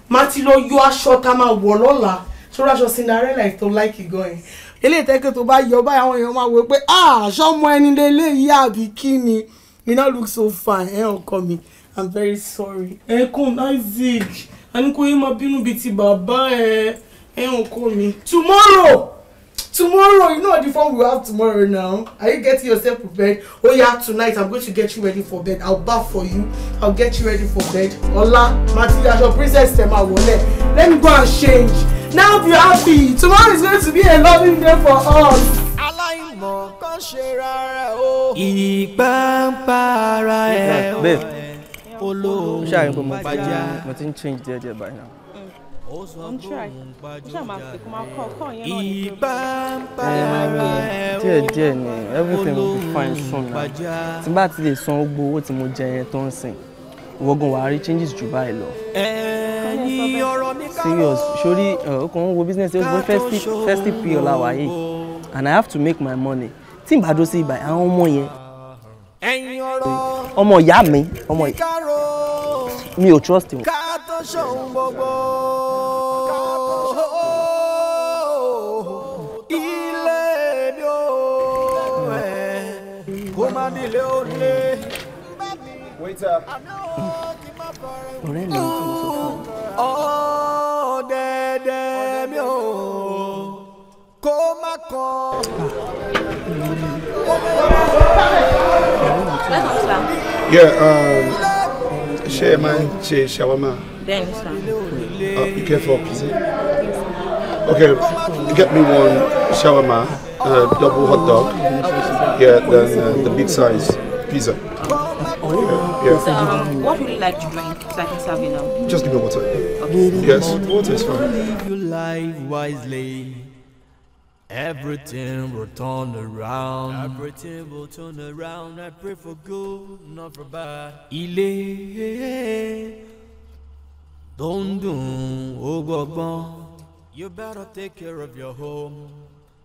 mati lọ yọ aṣọ tá a máa wọ̀ lọ́la Cinderella aṣọ cinderella ètò láìkì gan ẹ̀ eléyìí tẹ́kẹ́ tó bá yọ báyìí àwọn èèyàn máa wọ pé ah, aṣọ ọmọ ẹni lè léyìí àbí kí ni you no look so fine ẹ ọkọ mi i'm very sorry ẹ kún isaac àníkóyè máa bínú bíi ti bàbá ẹ. Eh ẹ̀hún kò mí. tomorrow tomorrow you know the fun we have tomorrow now are you getting yourself prepared oh yeah tonight i'm going to get you ready for bed i'll baff for you i'll get you ready for bed ọlá matilda your princess tema wọlé let me go and change now be happy tomorrow is going to be a loving day for us. aláìmọ̀ kan ṣe rárá o. ìpàǹpàrà ẹ̀ ọ̀ ẹ̀ olóòrùn bàjá. mo ti ń change díẹ̀ díẹ̀ báyìí I'm try. díẹ̀ ni everything will be fine soon na tí bá ti lè san gbogbo owó tí mo jẹ yẹn tó ń sìn wọ́gùn wàá rí changes jù báyìí lọ. serious sori ọkàn wo business yóò gbé festive period la wà and i have to make my money tí n bá dó sí ibà àwọn ọmọ yẹn ọmọ ìyá mi ọmọ mi ò trust him. ọ̀rẹ́ mi ò tún sọ fún mi. ọ̀dẹ̀dẹ̀ mi ò kó má kọ. Um, ṣé ẹ máa ń ṣe ṣàwámà. Uh, be careful please. okay get me one ṣàwámà uh, double hot dog. yeah then uh, the big size pizza. Yeah. Yeah. Um, what would you like to drink so I can serve you now? Just give me water. Okay. Yes, water is fine. If your life wisely, everything will turn around. Everything will turn around. I pray for good, not for bad. Ilé tó ń dùn ó You better take care of your home.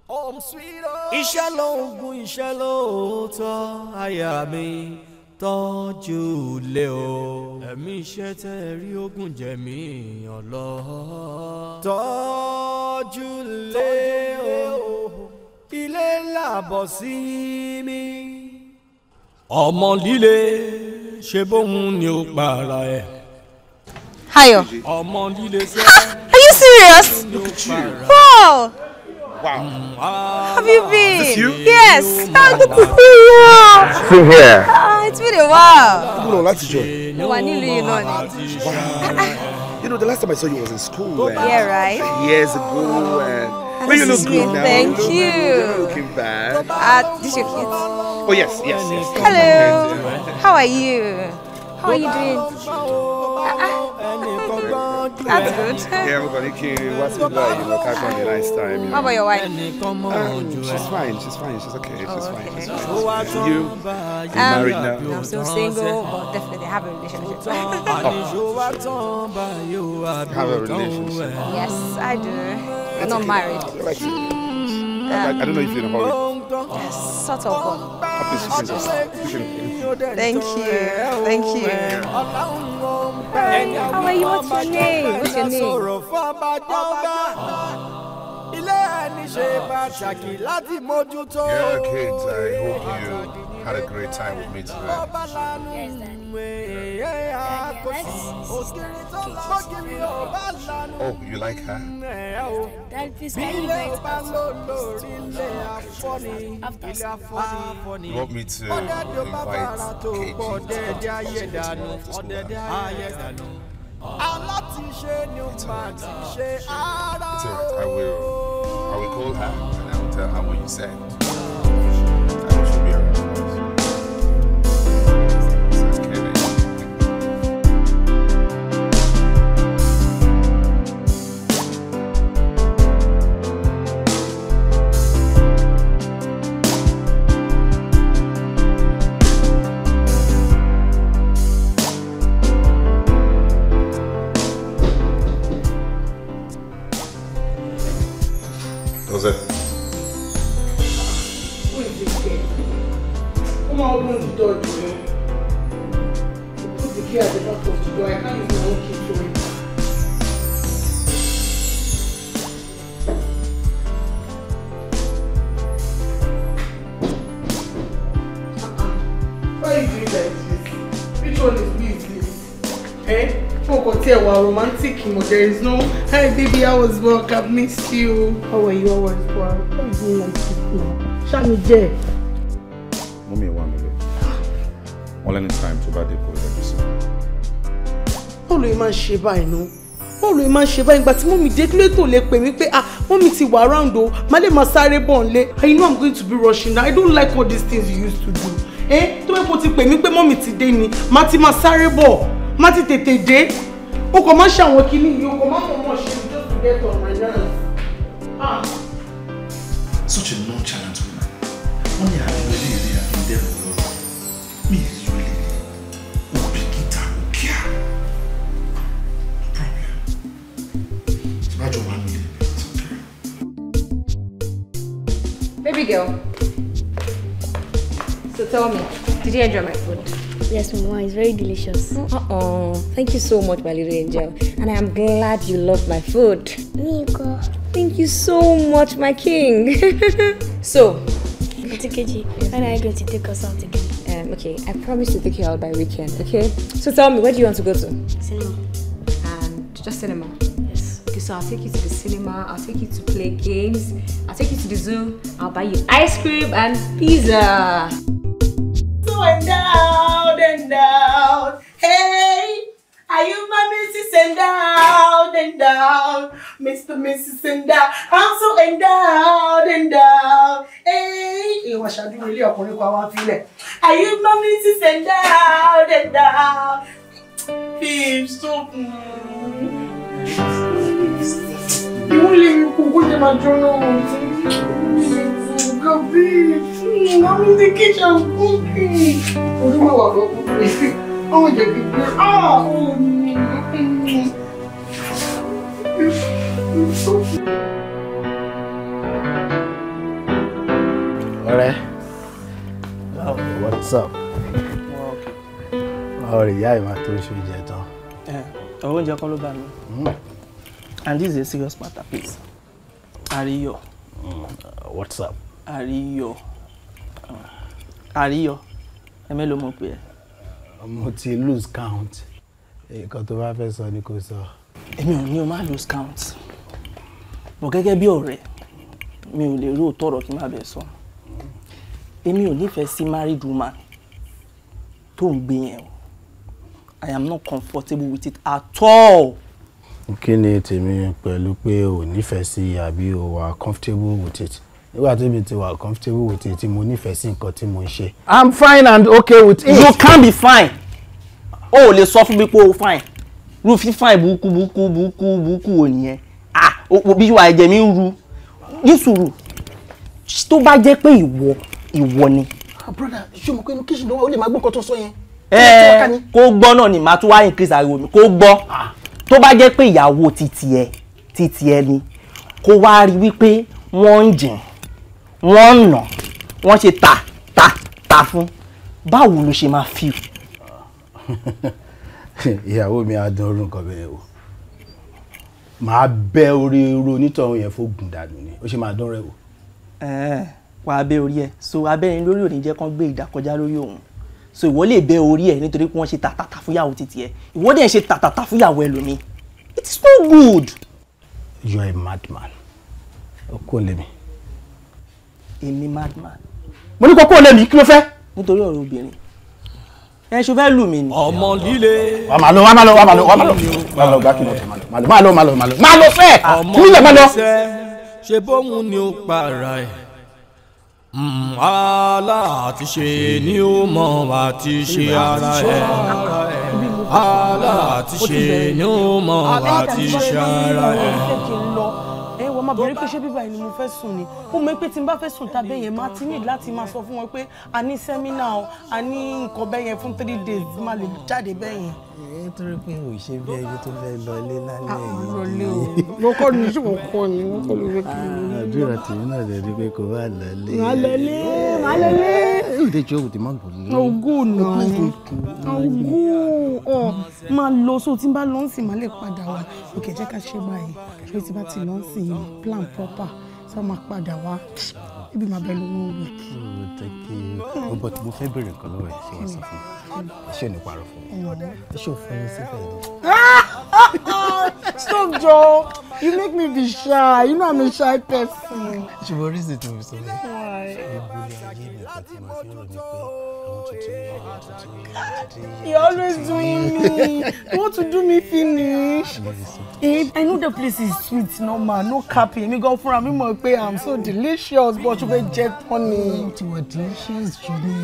Home sweet home. Iṣẹ́ lóògùn, iṣẹ́ lóòótọ́, tọ́jú lé o. ẹ̀mí iṣẹ́ tẹ́ rí ogún jẹ̀mí ọ̀lọ́. tọ́jú lé o ilé làbọ̀ sí mi. ọmọ líle ṣe bóun ni ó para ẹ. Ayọ̀. ọmọ líle ṣe. Ah, are you serious? Hmm, ah, ah, look at you. Paul. Wow. Have you been? You? Yes. Look at you. See here. it's been a while. Kúrò láti jọ. Mo wà nílùú yìí náà You know, the last time I saw you was in school. Man. Yeah, eh? right? Years ago. And eh? but you look good now. Eh? Thank you. you looking bad. Uh, this your kids? Oh, yes, yes, yes. Hello. How are you? How are you doing? Uh, uh. That's good. Yeah, everybody came. What's good like? You know, catch a nice time. You know. How about your wife? Um, she's fine. She's fine. She's okay. She's oh, okay. fine. She's fine. You? Um, married now? I'm still single, but definitely have a relationship. oh. Have a relationship? Yes, I do. I'm not married. I, I, don't know if you're in a hurry. Yes, sort all Please, Thank you. Thank you. Hi, how are you? What's your name? What's your name? Yeah, kids, I hope you had a great time with me today. oh, you like her? You want me to invite KG to alátiṣe ni o máa ti will I will call her and I will tell her what you said. There is no, hi baby, how was work? I've missed you. How are you? How was work? What is doing like Shami J. Mommy, one minute. All ah. any time to bad people every single. Bọ́ọ̀lù yìí máa ń ṣe báyìí nù. Bọ́ọ̀lù yìí máa ń ṣe báyìí nígbà tí mọ́mì dé kílé tó lè pè ah Mommy ti wà around o, má lè máa sáré bọ̀ nílé. I know I'm going to be rushing now. I don't like all these things you used to do. Eh? tó bẹ́ẹ̀ kó ti pè mí pé mọ́mì ti dé ni, má ti máa sáré bọ̀, má ti tètè dé o kò má ṣàwọn kinní yìí o kò má fọmọ ṣe just to get on my nerves. Ah. such a nonchalant woman wọ́n ní àárín ilé ìrè àti ìdẹ́rù lọ́rọ̀ mi ì rí ilé wọn bí kíta kíá problem ìbájọ́ wa ní ilé ti bẹ̀rẹ̀. Baby girl, so tell me, did you enjoy my food? Yes, Mama, it's very delicious. Uh-oh. Thank you so much, my little angel. And I am glad you love my food. Nico. Thank you so much, my king. so. Auntie Keji, when are you going to take us out again? Um, okay, I promise to take you out by weekend, okay? So tell me, where do you want to go to? Cinema. And just cinema? Yes. Okay, so I'll take you to the cinema, I'll take you to play games, I'll take you to the zoo, I'll buy you ice cream and pizza. and down and down. Hey, are you my missus? and down and down? Mr. Missus? and down. I'm so and down and down. Hey, ìwọ̀n ṣàdúró ilé ọkùnrin kan wá fílẹ̀. Are you my missus? and down and down? Babe, stop. You leave me, Kuku, my journal go, babe. I'm in the kitchen cooking. Oh, don't know what I'm cooking. Oh, the Ah, oh, no. Alright. Oh, what's up? Ọ̀rẹ́ ìyá ìwà tó ń ṣe oúnjẹ tán. Ọ̀rọ̀ oúnjẹ kan ló bá hmm. And this is a serious matter, please. Are you? Mm, what's up? àríyọ àríyọ ẹ mélòó mo pè ẹ. mo ti lose count nǹkan tó bá fẹ́ sọ ni kò sọ. èmi ò ní o má lose count mo gẹ́gẹ́ bí ọ̀rẹ́ mi ò lè rú òótọ́ ọ̀rọ̀ kí n má bẹ̀ sọ èmi ò nífẹ̀ẹ́ sí married woman tó ń gbé yẹn o I am not comfortable with it at all. kí ni tèmi pẹ̀lú pé o nífẹ̀ẹ́ sí àbí o wà comfortable with it nígbà tó ibi ti wà comfortable with it mo nífẹ̀ẹ́ sí nǹkan tí mo ń ṣe. i'm fine and okay with it. you can be fine o ò lè sọ fún mi pé o fine ru fífine burúkú burúkú burúkú burúkú wò nìyẹn ah bí wàá jẹ mi ń ru ní sùúrù tó bá jẹ́ pé ìwọ ìwọ ni. Ah, broda ṣé o mọ̀ pé inú kíṣìn ló wà ó lè máa gbọ́ nǹkan tó sọ yẹn. ẹ kó gbọ́ náà ni màá tún wá increase ariwo mi kó gbọ́ ah. tó bá jẹ́ pé ìyàwó titi ẹ titi ẹ ni kó wá rí wípé wọ́n ń jìn wọ́n ń nà wọ́n ṣe ta ta ta fún báwo ló ṣe máa fi. ìyàwó mi á dán orun kan bẹ́ẹ̀ o màá bẹ́ orí irú onítọ̀hún yẹn fógun dànù ni ó ṣe máa dán rẹ o. wàá bẹ́ orí ẹ so abẹ́rin lórí òní jẹ́ kán gbé ìdákọjá lórí òun so ìwọ lè bẹ́ orí ẹ nítorí pé wọ́n ṣe tàtàtà fúyàwó títí ẹ ìwọ dẹ̀ ṣe tàtàtà fúyàwó ẹlòmíì it is no good. you are a madman o kò èmi madman. mo ní kókó lẹ́mí kí ló fẹ́. nítorí ọ̀rọ̀ obìnrin ẹ ṣe fẹ́ lù mí ni. ọmọ líle. wà á máa lọ wà á máa lọ wà á máa lọ wà á máa lọ wà á máa lọ gbá kìlọ̀ tẹ̀ máa lọ máa lọ máa lọ máa lọ máa lọ fẹ́ nílẹ̀ máa lọ. ṣe bóun ni ó para ẹ̀ aláàtúnṣe mm, ni ó mọ àtúnṣe ara ẹ̀ aláàtúnṣe ni ó mọ àtúnṣe ara ẹ̀ ọmọbìnrin pé ṣé bíbá yìí ni mo fẹ́ sùn ni mo mọ̀ pé tí n bá fẹ́ sùn tàbí yẹn máa ti ní láti máa sọ fún wọn pé a ní sẹ́mínà o a ní nǹkan bẹ́yẹn fún three days máa lè jáde bẹ́yẹn nítorí pé o ṣe bí ẹni tó fẹ́ lọ ilé lálẹ́ ah, yìí. lọlé o mo kọ́ ni ṣé mo kọ́ ni mo kọ́ ni wọ́n kì í. àdúrà tèmi náà dẹ̀ ni pé kò wá lọlé. má lọlé má lọlé. èyí tẹ jọ òde má lọlé. ògo náà ògo ọ máa lọ so tí n bá lọ ń sìn má lè padà wá òkè jẹ́ ká ṣe báyìí ṣé tí bá ti lọ ń sìn plan proper sọ ma padà wá ibi máa bẹ lówó wò. o but mo fẹ́ bèrè nǹkan lọ́wọ́ ẹ̀ ṣé wàá sọ fún mi iṣẹ́ ní parọ́ fún mi iṣẹ́ òfin yín síbẹ̀ ni. Ah, ah, ah, stop Joe you make me be shy you know i'm a shy person. ṣùgbọ́n reason to sọ yẹn gbogbo ayé always doing me you want to do me finish. i know the place is sweet No man, no cap èmi gan fúnra me, mọ̀ pé i'm so delicious but you get jet delicious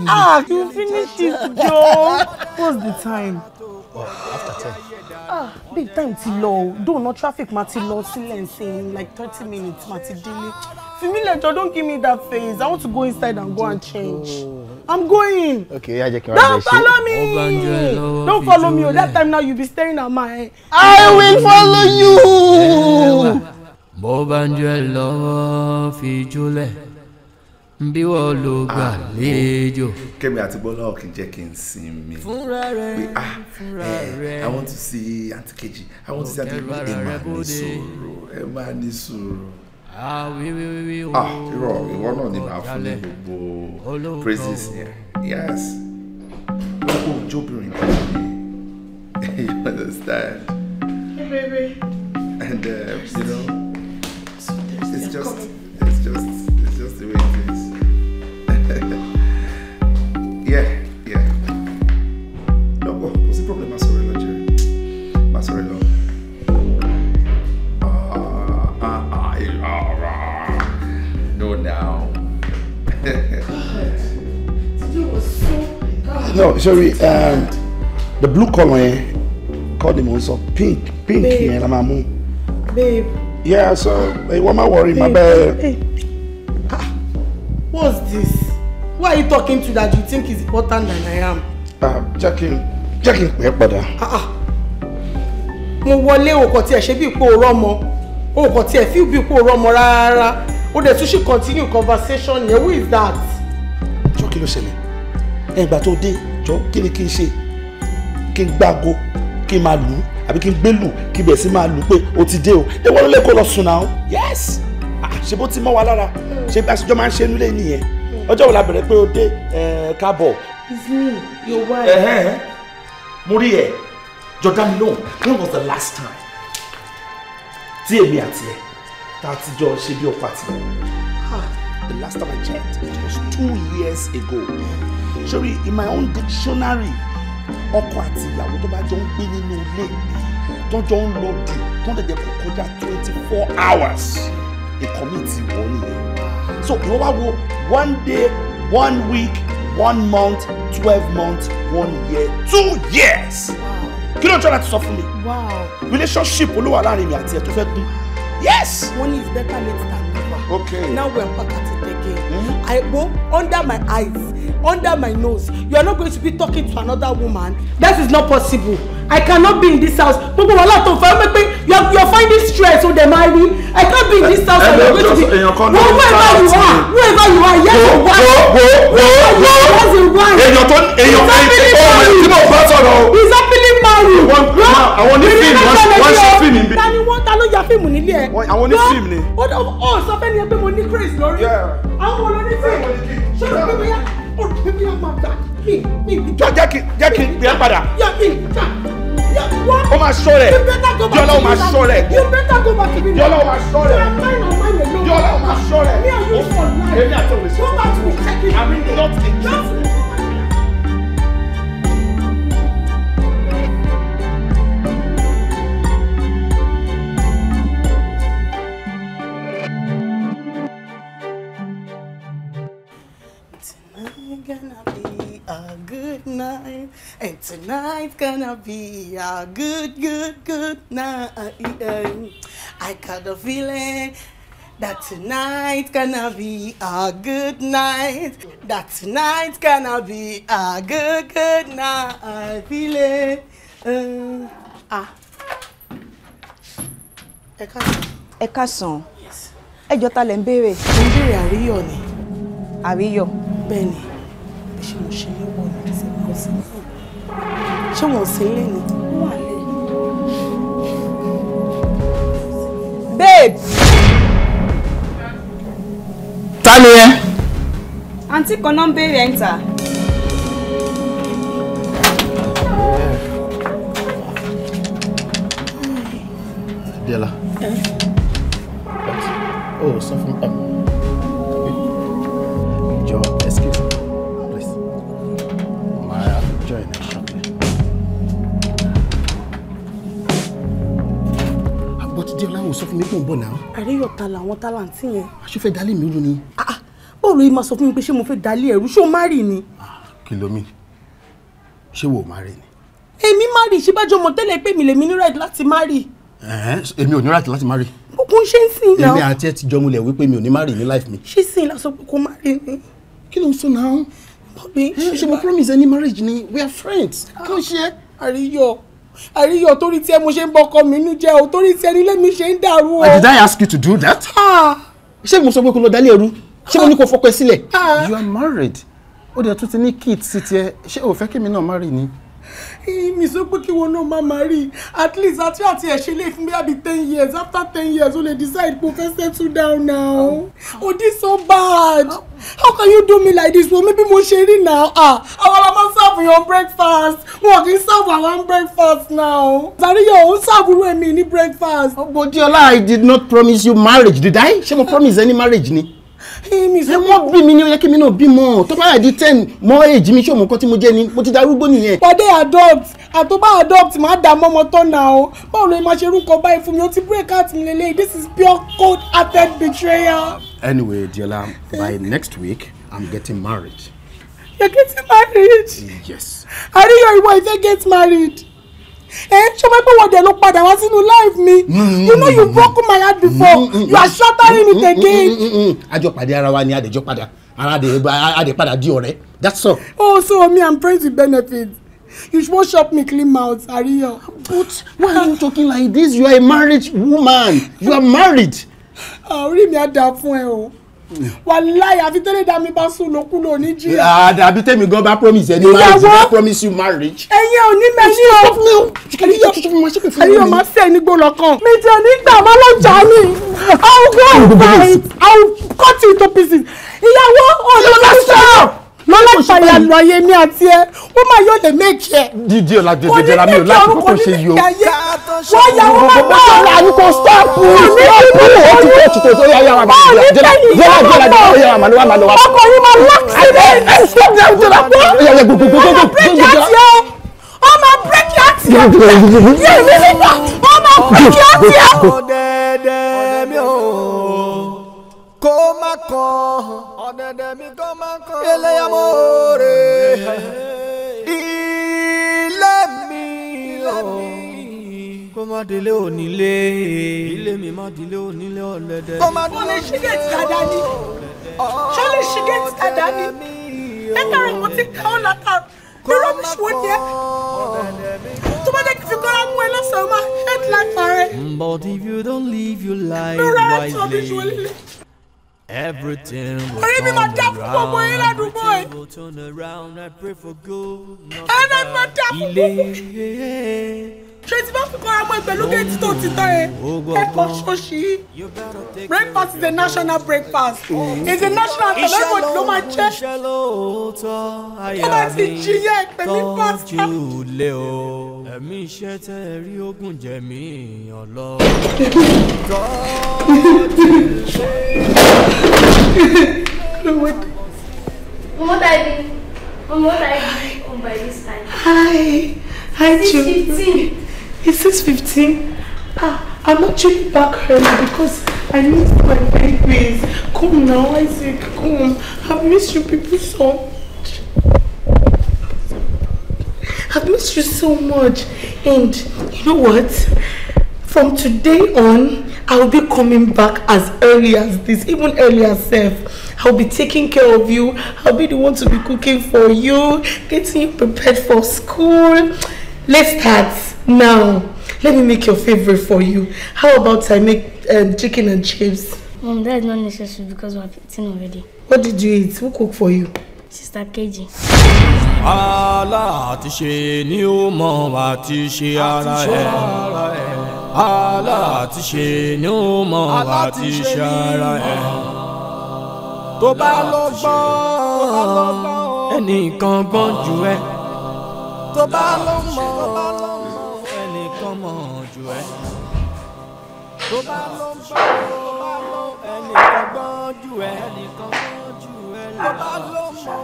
ah you finish this job. what's the time. Oh, after ten. ah babe time ti lọ o though traffic ma ti lọ sílẹ̀ like thirty minutes ma ti délé fimile jọ don't give me that face i want to go inside and go and change i'm going. okay yeah, you kí don't follow me don't follow me o that time now you be staring at my. i will follow you. bó bá ń jẹ lọ́wọ́ fi jùlẹ̀ bí wọ́n ló ah, gbàlejò. Oh, kẹ́mi àti bọ́lá ọ̀kì jẹ́ kí n sinmi. fúnra rẹ̀ ah, fúnra eh, rẹ̀. i want to see àǹtí kejì i want to see àǹtí kejì ẹ máa ní sùúrù ẹ máa ní sùúrù. ah, ah oh, irọ́ ìwọ náà ni màá fún ní gbogbo praises yẹn yes gbogbo òjòbìnrin kan ni you understand. Hey, baby. and uh, you know it's just. no sorry um, the blue color, eh? Call them also pink pink yẹn la máa babe. yeah so eh, Hey, what ah, am ìwọ má worry Hey. bẹ́ẹ̀. what's this who are you talking to that you think is important than I am. Ah, jẹ́ Jackie. n jẹ́ kí Ah pè é padà. Ah, mo wọlé òkò tí ẹ ko bí ipò rọmọ òkò tí ẹ fi bí ipò rọmọ rárá ó dẹ̀ tún ṣì continue conversation yẹn who is that. jọ́ kí ló ṣẹlẹ̀ ẹgbà tó dé jọ kí ni kí n ṣe kí n gbàgò kí n máa lù ú àbí kí n gbé lù kí n bẹ̀ sí máa lù pé o ti dé o ẹ wọ́n ló lọ sùn náà yes ah, ṣe bó ti mọ́ wa lára hmm. ṣe bí aṣojú máa ń ṣe nílé nìyẹn hmm. ọjọ́ wo la bẹ̀rẹ̀ pé o dé káàbọ̀. it's me your wife. mo rí ẹ jọ dá mi lóhùn when was the last time tí èmi àti ẹ tá a ti jọ ṣe bí ọkọ àti ẹ the last time I checked, it was two years ago. Sorry, in my own dictionary, ọkọ àti ìyàwó tó bá jọ ń gbé nínú ilé tó jọ ń lọ dì tó dẹ̀dẹ̀ kò kọjá twenty four hours ìkọ́ mi ti wọ̀ nìyẹn. So ìwọ wá wo one day, one week, one month, twelve months, one year, two years. Kí ló ń jọ́ láti sọ fún mi? Relationship olówó aláàrin mi àti ẹ̀ tó fẹ́ gún. Yes. One is better late than never. Okay. Now we're back at again. Mm? I go under my eyes, under my nose. You are not going to be talking to another woman. That is not possible. I cannot be in this house. Gbogbo wàhálà tó fẹ́ make me you are finding stress o dey marry. I can't be in this house and you are going to be. Whoever you are, whoever you are, yes or why? Yes or why? Èèyàn tó èèyàn tó ọmọ tí mo bá sọ̀rọ̀ o. He's happily married. Àwọn onífìmù wọ́n ṣe fíìmù bí ló ya fíìmù nílé ẹ. àwọn onífíìmù ni. ó sọ fẹ́ ni ẹ pé mo ní craze lórí. àwọn onífíìmù ṣé o gbé bóyá o gbé bóyá máa gbà mí mí. jẹ́ kí jẹ́ kí gbé padà. yà mí jà yà wá. ó máa sọ rẹ̀ yọlá ó máa sọ rẹ̀ yọlá ó máa sọ rẹ̀ yọlá ó máa sọ rẹ̀ èmi àti òwe sọ. I'm not a gonna be a good night, and tonight's gonna be a good, good, good night. I got a feeling that tonight's gonna be a good night. That tonight's gonna be a good, good night. I feel it. Uh, ah. Eka, káàsán. Ẹ Yes. Ẹ jọ̀ọ́ ta lẹ̀ ń béèrè. ń béèrè àríyọ̀ ni. Àríyọ̀. Bẹ́ẹ̀ ṣe òṣèré wọ ní ti pọ̀ sí i ṣé wọn ò sí ilé ni. babe. ta ni ẹ. àǹtí kan náà ń béèrè ẹ̀ ń ta. Dela. oh, something. Um, wife mi kún bọ̀ náà. àríyọ̀ta làwọn tálàǹtì yẹn. aṣọ fẹ́ dalí mi rú ni. Ah, ah, bọ́ọ̀lù yìí máa sọ fún mi pé ṣé mo fẹ́ dalí ẹ̀rú ṣé o má rì ni. Ah, kí ló mi ṣé wo má rì ni. èmi má rì ṣíbájú ọmọ tẹ́lẹ̀ pé mi lè mi ní right láti má rì. èmi ò ní right láti má rì. kókó ń ṣe ń sìn náà. èmi àti ẹ ti jọ wípé mi ò ní má rì ní life mi. ṣé sìn la sọ pé kó má rì ni. kí ló ń sọ náà. bọ́ọ̀lù yìí ṣe mo promise any marriage ni we are friends. kí ló ṣe àríyọ̀ àríyọ torí ẹ mo ṣe ń bọkọ mi inú jẹ o torí tí ẹni ṣe ń dàrú o. Did I ask you to do that? ṣé mo sọ pé kò lọ dálé ẹrú ṣé mo ní kó fọkọ ẹ sílẹ̀. You are married ó dẹ̀ tún ti ní kids sí tiẹ̀ ṣé o fẹ́ kí mi náà marry ni mi sọ pé kí wọn náà má máa rí at least àti àti ẹ̀ṣẹ̀ lè fún bíi ten years after ten years o lè decide pé o fẹ́ settle down now oh this so bad how can you do me like this wo mi bí mo ṣe rí now ah àwọn ọlọmọ sáàbù your breakfast wọn kì í sáàbù àwọn breakfast now sàríyàn òun serve rẹ̀ mi ní breakfast. Oh, Bọ́díọ́lá I did not promise you marriage did I? ṣé mo promise any marriage ni èmi ṣe wọ́n bí mi ni ó yẹ kí mi náà bímọ tó bá di ten mọ́ èjì mi ṣé òmùkọ́ tí mo jẹ́ ni mo ti darúgbó nìyẹn. pàdé adopt àtọ́bá adopt máa dà mọ́mọ́ tán náà o báwo ló máa ṣe rúkọ báyìí fún mi ó ti break out mi lélẹ́yìn this is pure cold hearted betrayal. anyway Diola by next week i'm getting married. you're getting married. yes. àríyọ̀ ìwọ ìfẹ́ get married ẹ ṣe máa pé wọ́n dẹ̀ ló padà wá sínú life mi mm, mm, you know mm, you broke my heart before you are shattering it again. àjọ pàdé ara wa ni àdèjọ padà ara àdè padà di ọ̀rẹ́ that's all. oh so me i'm friends with benefits. you suppose chop me clean mouth ariyo. but why are you talking like this you are a married woman you are married. àwọn ah, orí mi á dáa fún ẹ o wàláyà àfi tẹ́lẹ̀ dá mi bá sùn ló kú lò ní jìyà. Ah, àbí tẹ́mi gan bá promise ẹni marriage I promise you marriage. ẹ̀yin ò ní mẹ́ni o. ẹ̀yin yóò tuntun máa ṣe kìí fún mi. ẹ̀yin ò máa fẹ́ ní gbólọ́kàn. mi jẹ́ nígbà má ló jà mí. I will ah. go and fight I will cut you to pieces. ìyàwó ọ̀dọ́ lọ́sọ̀rọ̀ lọ́lápàyà lọ ayé ní àti ẹ wọ́n máa yóò lè méjì ẹ. dídí ọ̀la dèdè la mi ò láti kókò ṣe yìí o. wọ́n yà wọ́n máa bá ọ̀la ni kò stọ́ọ̀pù stọ́ọ̀pù ó ti tó ti tó ó yà wà máa lọ jẹ́la jẹ́la jẹ́la jẹ́la ó yà wà máa lọ wà máa lọ wà. ọkọ̀ yìí máa lọ́ọ̀kì ọmọ bírèkì àti ẹ̀ yẹ mi nígbà ọmọ bírèkì àti ẹ̀. ọ̀dẹ̀dẹ̀ mi ò kó má kàn án eléyàmóore ilé mi o kó má délé onílé. ilé mi má délé onílé ọ̀lẹ́dẹ̀. kó má délé onílé ṣígẹ̀tì àdáni. ṣọlẹ̀ ṣígẹ̀tì àdáni. lẹ́tàrọ̀ mo ti kà ọ́ látà irọ́ mi ṣùgbọ́n jẹ́. tó bá jẹ́ fi kọ́ra mú ẹ lọ́sàn-án máa headline parẹ́. but if you don't live your life wisely orí mi máa dá fún gbogbo yín ládùúgbò yìí. ẹnà mi máa dá fún gbogbo yín ṣé tí bá fi kọ́ra mọ́ ìpẹ̀lú géètì tó ti tán oh, oh, ẹ ẹ̀kọ́ oh, ṣọ́ọ̀ṣì breakfast is a national breakfast is a national everybody ló máa jẹ́ tó bá ti jí yẹ pẹ̀lú pasta. ẹ̀mí iṣẹ́ tẹ́ ẹ rí ogún oh by this time. Hi, hi, children. It's 6.15. Ah, I'm actually back early because I need my babies. Come now, Isaac, come. I've missed you people so much. I've missed you so much. And you know what? From today on, I'll be coming back as early as this, even earlier self. I'll be taking care of you. I'll be the one to be cooking for you, getting you prepared for school. Let's start now. Let me make your favorite for you. How about I make uh, chicken and chips? Mom, that is not necessary because we have eaten already. What did you eat? Who cooked for you? Sister Keji. Aláàtìṣe ni ó mọ̀ àtìṣe ara ẹ̀. Aláàtìṣe ni ó mọ̀ àtìṣe ara ẹ̀. Tó bá lọ gbọ́n, ẹnìkan gbọ́n jù ẹ́ tó bá ló mọ̀ ẹnìkan mọ̀ jù ẹ́ tó bá ló mọ̀ ẹnìkan gbọ́n jù ẹ́ tó bá ló mọ̀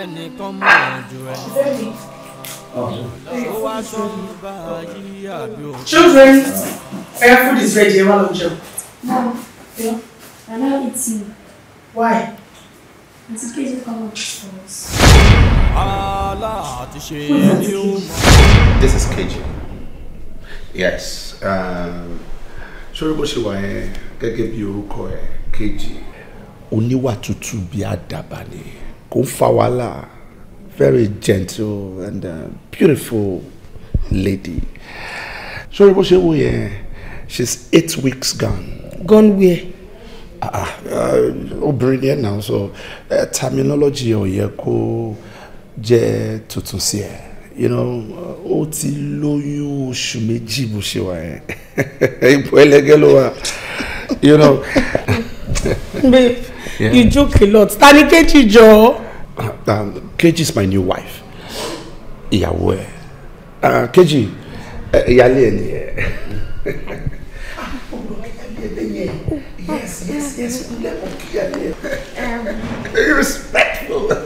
ẹnìkan mọ̀ jù ẹ́. Children, our food is ready. You want to jump? No, no, I'm not eating. Why? Auntie Kejì come up for us. This is KG. Yes. Um, Ṣorí bó ṣe wà yẹn gẹ́gẹ́ bí orúkọ ẹ̀ KG. Oníwà tútù bí àdàbà ni. Kò ń fa wàhálà. Very gentle and uh, beautiful lady. Ṣorí bó ṣe wò yẹn she's eight weeks gone. Gone where? Ah, ah, obìnrin yẹn náà So terminology ọ̀ yẹ kó. Uh, jẹ́ tuntun sí ẹ you know ó ti lóyún oṣù méjì bó ṣe wà yẹn ipò ẹlẹgẹ́ ló wà you know. babe you joke a lot ta ni kejì jọ. kejì is my new wife ìyàwó ẹ kejì ìyálé ẹ nìyẹn. yes yes yes you respectful.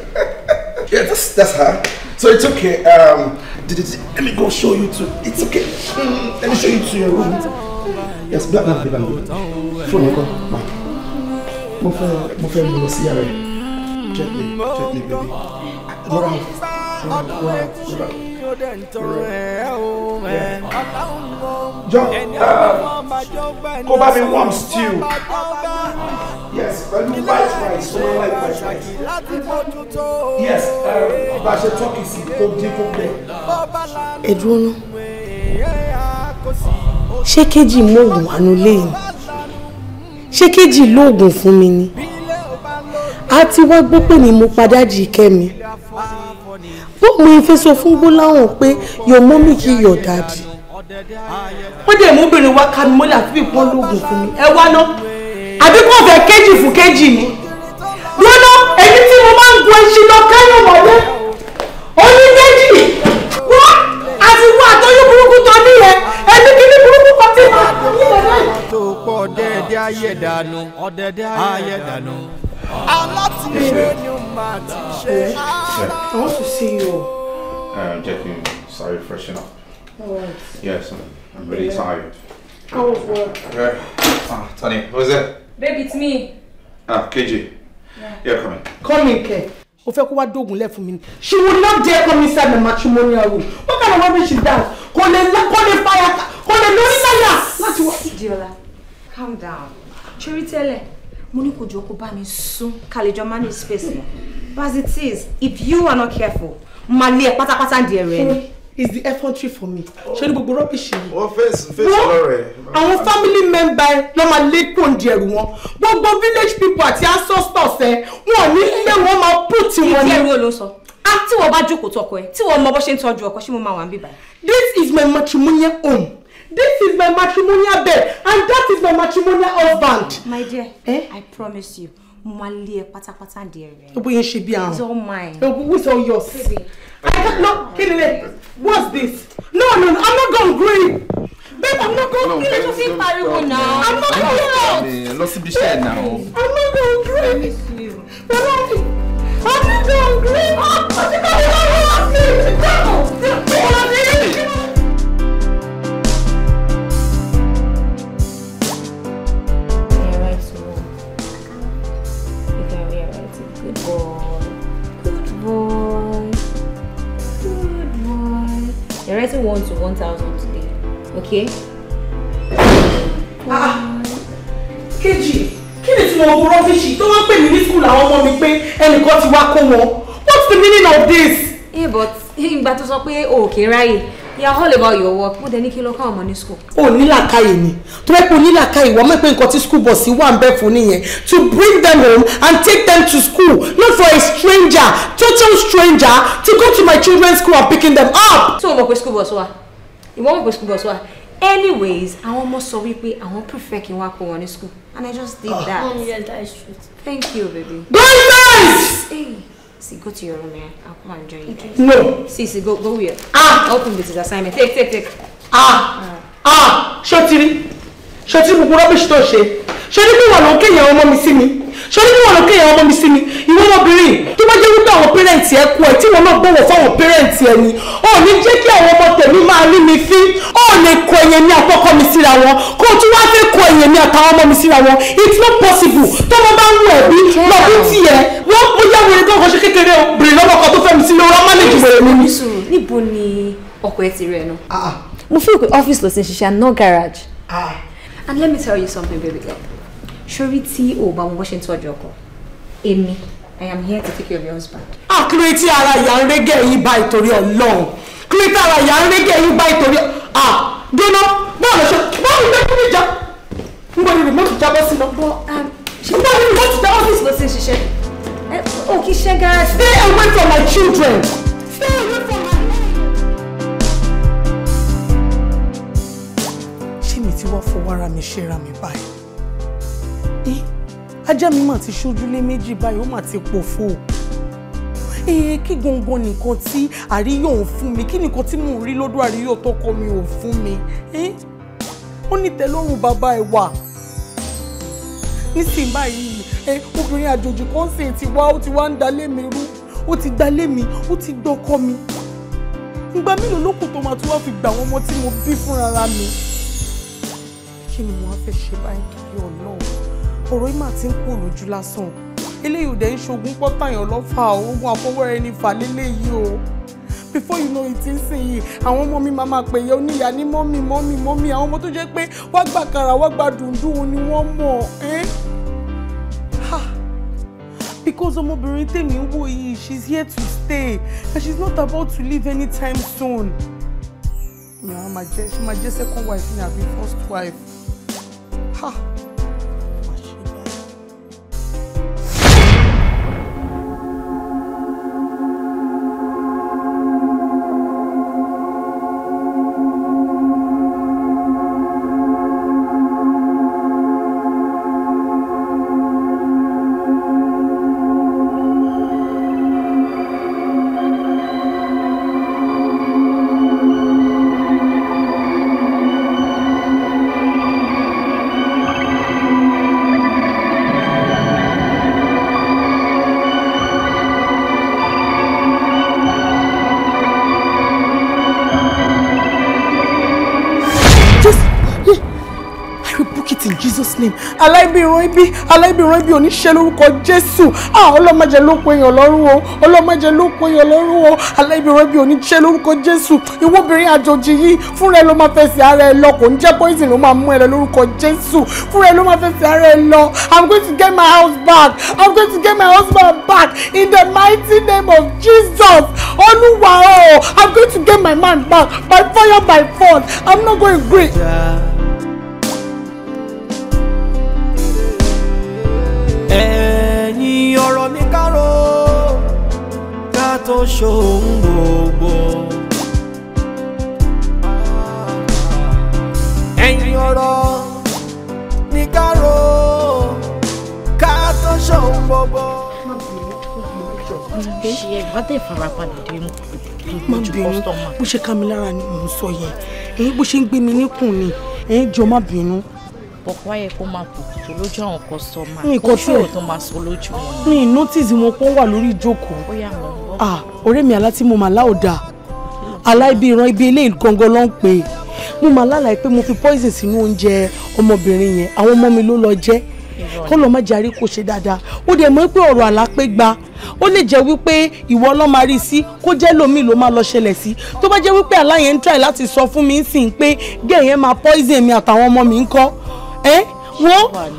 Yes, that's her. So it's okay. Um, did it, let me go show you to. It's okay. Mm, let me show you to your room. Yes, black man, black man. Phone number, ma. Mo fẹ́, mo fẹ́ lọ sí yàrá. Gently, gently, baby. Laura, Laura, Laura, Laura. John, uh, kó bá mi warm stew yes pẹ̀lú white rice tó máa ń like white rice yes um, bá a ṣe tọ́kì sí tó dín tó gbẹ. ẹ̀dùn ṣé kejì mọ́ọ̀gùn àánú lẹ́yìn ṣé kejì lóògùn fún mi ni a ti wá gbọ́ pé ni mo padà jì kẹ́mi bó mo ife sọ fún gbóláhùn pé your mommy kill your daddy wọ́n dẹ̀ mú obìnrin wá kánimọ́lẹ̀ àti bí wọ́n lóògùn fún mi ẹ wá náà àbí kò fẹ́ kéjì fún kéjì ni lọ́nà èyí tí mo máa ń gun ẹṣin lọ kẹ́yìn mọ́lé oníkéjì wọ́n àti wọ́n àtọ́yún burúkú tó ní yẹn ẹni kíní burúkú kan ti máa kú ní ẹ̀rọ yìí. tó pọ̀ ọ̀dẹ̀ẹ̀dẹ̀ ayé dànù ọ̀dẹ̀ẹ̀dẹ̀ ayé dànù. alátiṣe ni màá ti ṣe. I want to see you. Um, uh, Jackie, sorry, freshen up. All right. Yes, I'm, really tired. How was work? Ah, oh, Tony, what was it? Baby, it's me. Ah, KJ. Yeah, yeah Coming, in. Come in, K. Ó fẹ́ kó wá dógun lé fún mi. She would not dare come inside the matrimonial room. What kind of rubbish is that? Kò lè la kò lè fire kò lè lórí fire. Láti wá Diola. Calm down. Chori tẹ́lẹ̀. Mo ní kó jọ kó bá mi sùn. Ká lè jọ manage space. But as it is, if you are not careful, màá lé ẹ pátápátá di ere ni is the effrontery for me ṣé ní gbogbo rọ́bìṣì yìí. wọ́n fèsì fèsì lọ́rẹ̀. àwọn family member ló máa lékún di ẹrù wọn gbogbo village people àti ancestors ẹ wọn ò ní ilé wọn máa put wọn ní. ìdí ẹrú ló sọ tí wọn bá jókòó tọkọ ẹ tí wọn mọ bó ṣe ń tọ́jú ọkọ ṣé mo máa wà ń bíbá. this is my matrimonial home this is my matrimonial bed and that is my matrimonial husband. my dear eh? i promise you mo máa di ẹ rẹ. bóyá ṣe bí àrùn it's all mine. who is all yours. I don't know kí ni what's this no no no I'm not gonna gree. Babe, I'm not going to kill you. Pariwo now. I'm not going to. Lọ síbi iṣẹ́ náà. I'm not going to. I miss you. I'm not going to. I'm not going oh, to. One to 1000 today. Okay? Ah! ah. KG, kí it tí mo wo Don't want wá pè mí ní skul àwọn ọmọ mi pé you ti wá kó wọn? What's the meaning of this? Eh, but in tó okay, right? You are all about your work. Mo dẹ̀ ní kí lọ káwọn ọmọ ní school. O ní làkàyè ni. Tó bẹ́ẹ̀ pé o ní làkàyè wọ́n mọ̀ pé nǹkan tí school bus wà ń bẹ̀ fún nìyẹn. To bring them home and take them to school. Not for a stranger, total stranger to go to my children's school and picking them up. Ṣé o mọ̀ pé school bus wà? Ìwọ́n mọ̀ pé school bus wà? Anyways, àwọn ọmọ sọ wípé àwọn prefer kí n wá kó wọn ní school and I just did oh, that. Oh yeah, that true. Thank you, baby. Go nice! Hey. See, go to your room, man. I'll come and join you guys. No. See, see, go, go here. Ah. ah open this is assignment. Take, take, take. Ah. Ah. Shotiri. Shotiri, gbogbo rubbish tó ṣe. Shotiri, kí wọ́n lọ kéèyàn ọmọ mi sí mi. Shotiri, kí wọ́n lọ kéèyàn ọmọ mi sí mi pẹ́rẹ́ǹtì ẹ kú ẹ tí wọn náà gbọ́wọ́ fáwọn pẹ́rẹ́ǹtì ẹ ni ó ní jẹ́ kí àwọn ọmọ tèmi máa rí mi fín ó lè kó ẹyẹ mi àkọ́kọ́ mi síra wọn kó o tún wá fẹ́ kó ẹyẹ mi àtàwọn ọmọ mi síra wọn it's not possible tọ́mọ bá ń wọ ẹ̀bí lọ́bí tiẹ̀ wọ́n mo yá wẹ̀rẹ̀ tó kàn ṣe kékeré o bèrè lọ́wọ́ kan tó fẹ́ mi sílé ọlọ́ mánéjì wẹ̀rẹ̀ mi. níbo ni ọkọ ẹ ti rẹ nu. Ah, ah. mo feel pé ọ́fíìsì ló ti ṣiṣẹ́ and not garage. Ah. and let me tell you something baby girl sori tí o bá mo bó ṣe ń tọ́jú ọkọ èmi I am here to take care of your husband. Ah, kúrẹ́ tí ara ìyá ń régé yín bá ìtorí Ọlọ́run. Kúrẹ́ tí ara ìyá ń régé yín bá ìtorí Ah, dúró báwo ṣe báwo ló kí ni ìjà? N bọ̀ ni remote jábọ́ sí lọ. Bọ̀ ṣe bọ̀ ni remote jábọ́ sí lọ sí ṣiṣẹ́. Eh, o kì í ṣe gáràjì. Stay away from my children. Stay away from my. Ṣé mi ti wá fọwọ́ ara mi ṣe ra mi báyìí? ajá mi mà ti ṣojúlé méjì báyìí ó mà ti pòfo ee kí gangan nìkan tí àríyọ̀ ń fún mi kí nìkan tí mò ń rí lọ́dọ̀ àríyọ̀ tọkọ mi ò fún mi ó ní tẹ́lọ́rùn bàbá ẹ̀ wà nísìnyí báyìí obìnrin àjòjì kan sì ti wá ó ti wá ń dalé mi rú ó ti dalé mi ó ti dọkọ mi ìgbà mélòó ló kù tó máa tún wá fi gbà àwọn ọmọ tí mo bí fúnra mi kí ni mo wá fẹ́ ṣe báyìí torí ọlọ́run ọ̀rọ̀ yìí mà ti ń lásán eléyìí ò dẹ̀ ń ṣoògùn pọ́tàyàn lọ́fà oògùn àfọwọ́rẹ́ ẹni fà lélẹ́yìí o before you know it ń sìn yìí àwọn ọmọ mi máa máa pè yẹ oníyà ní mọ́mì mọ́mì mọ́mì àwọn ọmọ tó jẹ́ pé wá gbà kàrà wá gbà dùndún ni wọ́n mọ̀ ẹ́ because ọmọbìnrin tèmi ń wò yìí she is here to stay and she is not about to leave anytime soon ìyàwó máa jẹ́ ṣe máa jẹ́ second wife ni àbí first wife. Ha. Jesus name aláìbìrún ibi aláìbìrún ibi oníṣẹ́ lórúkọ Jésù ah ọlọ́mọdé ló pe èèyàn lọ́rùn o ọlọ́mọdé ló pe èèyàn lọ́rùn o aláìbìrún ibi oníṣẹ́ lórúkọ Jésù ìwọ́bìnrin àjòjì yìí fúnra ẹ ló máa fẹsẹ̀ ara ẹ lọ kò ń jẹ́ poison ló máa mú ẹ lọ lórúkọ Jésù fúnra ẹ ló máa fẹsẹ̀ ara ẹ lọ I'm going to get my house back I'm going to get my husband back in the mighty name of Jesus Olúwa o I'm going to get my man back by fire by force I'm not going to green. tó ṣòun gbogbo. ẹ̀yìn ọ̀rọ̀ ní kárò ká tó ṣòun gbogbo. ṣe ẹ̀ bá tẹ̀ farapadà dé mú má bínú bó ṣe ká mi lára ni mò sọ yẹn bó ṣe ń gbé mi níkùn ni jọ má bínú kó wáyé kó máa kò tó lójú àwọn kọ́sọ́mà kó ṣòro tó máa sọ lójú wọn. mi notice wọn pọ́n wà lórí ìjókòó. ó yà wọ́n bọ́. ah ọ̀rẹ́ mi alá tí mo mà láòdà aláìbí ìran ibi eléyìí gangan ló ń pè é mo mà lálàá pé mo fi poison sínú oúnjẹ ọmọbìnrin yẹn àwọn ọmọ mi ló lọ jẹ́ kó lọ má jarí kó ṣe dáadáa ó dẹ̀ mọ̀ pé ọ̀rọ̀ àlápé gba ó lè jẹ́ wípé ìwọ ọlọ́run máa rí i sí kó jẹ́ lómi ló máa lọ ṣẹlẹ̀ sí tó bá jẹ́ wípé aláyẹn ń try láti sọ fún mi ń sìn pé gẹ̀ẹ́yẹn máa poison mi àtàwọn ọmọ mi ń kọ́ ẹ wọ́n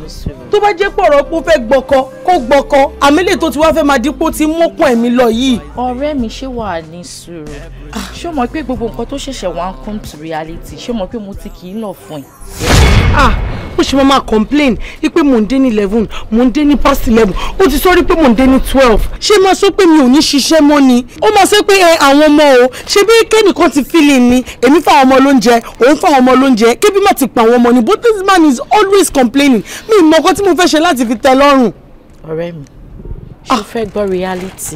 tó bá jẹ́ pọ̀rọ̀ pé ó fẹ́ gbọ́kọ kó gbọ́kọ àmẹ́lẹ̀ tó ti wá fẹ́ máa dípò tí mọ́kùn ẹ̀mí lọ yìí. ọ̀rẹ́ mi ṣé wàá ní sùúrù ah. ṣé o mọ̀ pé gbogbo nǹkan tó ṣẹ̀ṣẹ̀ wá ń come to reality ṣé o mọ̀ pé mo ti kì í lọ fún ẹ. Ah ó ṣe máa complain wípé mò ń dé ní eleven mò ń dé ní past eleven ó ti sọ wípé mò ń dé ní twelve ṣé máa sọ pé mi ò ní ṣiṣẹ́ mọ́ ni ó máa sọ pé ẹ àwọn ọmọ o ṣé bí kẹ́nìkan ti fílì ni èmi fáwọn ọmọ lóúnjẹ òun fáwọn ọmọ lóúnjẹ kébí má ti pa àwọn ọmọ ni but this man is always complaining mi ì mọ ọkọ tí mo fẹ́ ṣe láti fi tẹ́ lọ́rùn. ọ̀rẹ́ mi ṣó ah. fẹ́ gbọ́ reality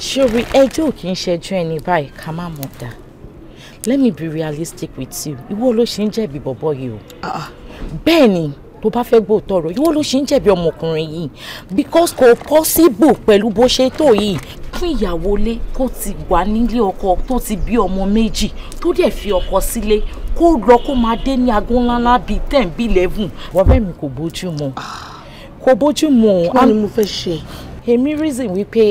ṣé orí ẹjọ́ ò kì í ṣẹjọ́ ẹni báyìí ká má mọ̀ dá let me be realistic with you ìwọ ló ṣe ń jẹ̀bi bọ̀bọ̀ yìí o. Ah, ah bẹ́ẹ̀ ni tó bá fẹ́ gbọ́ tọrọ ìwọ ló ṣe ń jẹ̀bi ọmọkùnrin yìí because kò possible pẹ̀lú bó ṣe tó yìí fún ìyàwó ilé kó ti wà nílé ọkọ tó ti bí ọmọ méjì tó dẹ̀ fi ọkọ sílé kó lọ kó máa dé ní aago ńláńlá bíi ten bíi eleven wọ́n bẹ́ẹ̀ mi kò bójú mu ah. kò bójú mu. kí wọ́n mo fẹ́ ṣe. èmi reason wípé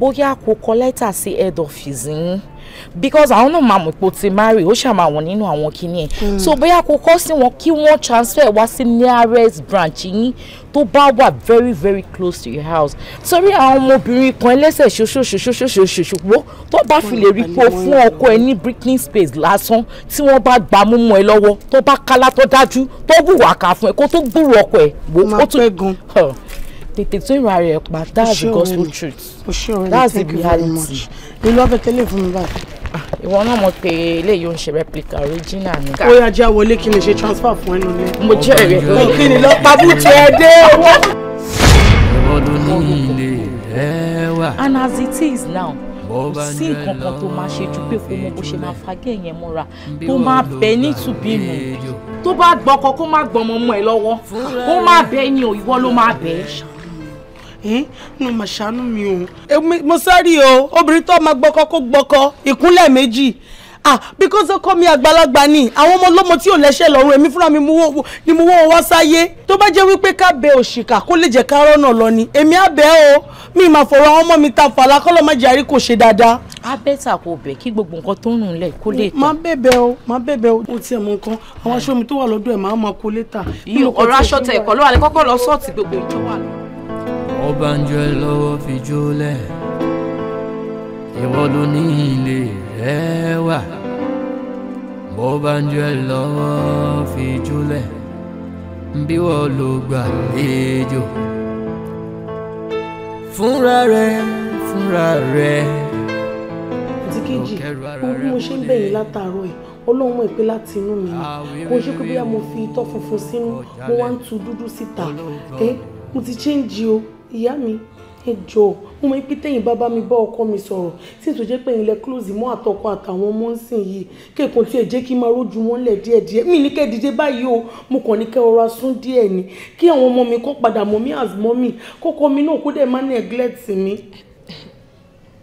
bóyá kò kọ lẹ́tà sí head office yín. Mm? because àwọn náà máa mọ̀ pé o ti marry ó ṣàmà wọ̀n nínú àwọn kinní ẹ̀ hmm. so bóyá kò kọ́ sí wọn kí wọ́n transfer wá sí nearest branch yín tó bá wà very very close to your house torí àwọn ọmọbìnrin kan ẹlẹ́sẹ̀ ṣoṣoṣoṣoṣoṣoṣoṣoṣo tó bá fi lè rí pé o fún ọkọ ẹ ní breathing space lásán tí wọ́n bá gbà mú mọ́ ẹ lọ́wọ́ tó bá kálá tó dájú tó bùwà kà fún ẹ kó tó gbúrò ọkọ ẹ. ó máa tètè tún ìwà rẹ̀ pa that's the gospel truth that's the reality. ìlú ọbẹ̀ tẹ́lẹ̀ fún mi báyìí. ìwọ náà mọ̀ pé eléyìí ò ṣe replica original ni. ó yá jẹ́ wọlé kí n lè ṣe transfer fún ẹnu ní. mo jẹ́ ẹ̀rẹ́ lórí. kí ni lọ pabú ti ẹ dé owó. ọdún ní ẹ wà. and as it is now kò sí nǹkan kan tó máa ṣe ju pé kó mọ bó ṣe máa fagé yẹn mọ́ra tó máa bẹ nítùbínú tó bá gbọ́kọ kó má gbọ́mọ mọ́ ẹ lọ́wọ́ kó má bẹ ni òyìnbó ló máa bẹ ẹ́ Eh? nù mà ṣàánú mi o. Eh, mo sáré o obìnrin tó máa gbọ́kọ́ kó gbọ́kọ́ ìkúnlẹ̀ méjì ah because ọkọ mi àgbàlagbà ni àwọn ọmọ ọlọ́mọ tí ò lẹ́sẹ̀ lọ́rùn èmi fúnra mi ni mo wọ́ wá sáyé tó bá jẹ́ wípé ká bẹ òṣìkà kó lè jẹ́ ká rọ́nà lọ ni èmi á bẹ̀ o mi máa fọ̀rọ̀ àwọn ọmọ mi ta fàlà kọ́lọ́ má jàrí kò ṣe dáadáa. a bẹ́ tà kò bẹ̀ kí gbogbo nǹkan tó ń rùn lẹ̀ kó lè tán. má bẹ̀bẹ̀ o má bẹ̀bẹ̀ o mo ti ẹ̀ mọ nǹkan àwọn aṣọ mi tó wà lọ́dọ̀ ẹ̀ máa máa kó lè tà. ọ̀rọ̀ aṣọ tẹ̀ ẹ̀kọ́ ló wà lẹ́ lọ sọ́ọ̀tì gbogbo nǹkan wà Ọbásanjọ́ fi jólẹ̀ ìwọ ló ní ilé rẹ wà Ọbásanjọ́ fi jólẹ̀ bí wọ́n ló gbàlejò fúnra rẹ fúnra rẹ. àti kejì mo mo ṣe ń bẹ̀yìn látàárọ̀ ẹ̀ ọlọ́run mọ̀ pé láti inú mi ni kò ṣe pé bí mo fi itọ́ funfun sínú mo wá ń tu dúdú síta ẹ mo ti ṣe ń jí o ìyá mi ẹ jọ̀ọ́ mo mọ pé tẹ̀yin bàbá mi bá ọkọ mi sọ̀rọ̀ tí ètò jẹ́ pé ẹ̀yin lẹ close mọ́ àtọkọ àtàwọn ọmọ ń sìn yìí kéèkùn tí ẹ jẹ́ kí n máa rójú wọn lẹ̀ díẹ̀díẹ̀ mi ní kẹ́ dìde báyìí o mo kàn ní kẹ́ ọ̀rọ̀ asún díẹ̀ ni kí àwọn ọmọ mi kọ́ padà mọ́ mi as mọ́ mi kọ́kọ mi náà kó dẹ̀ má neglect mi.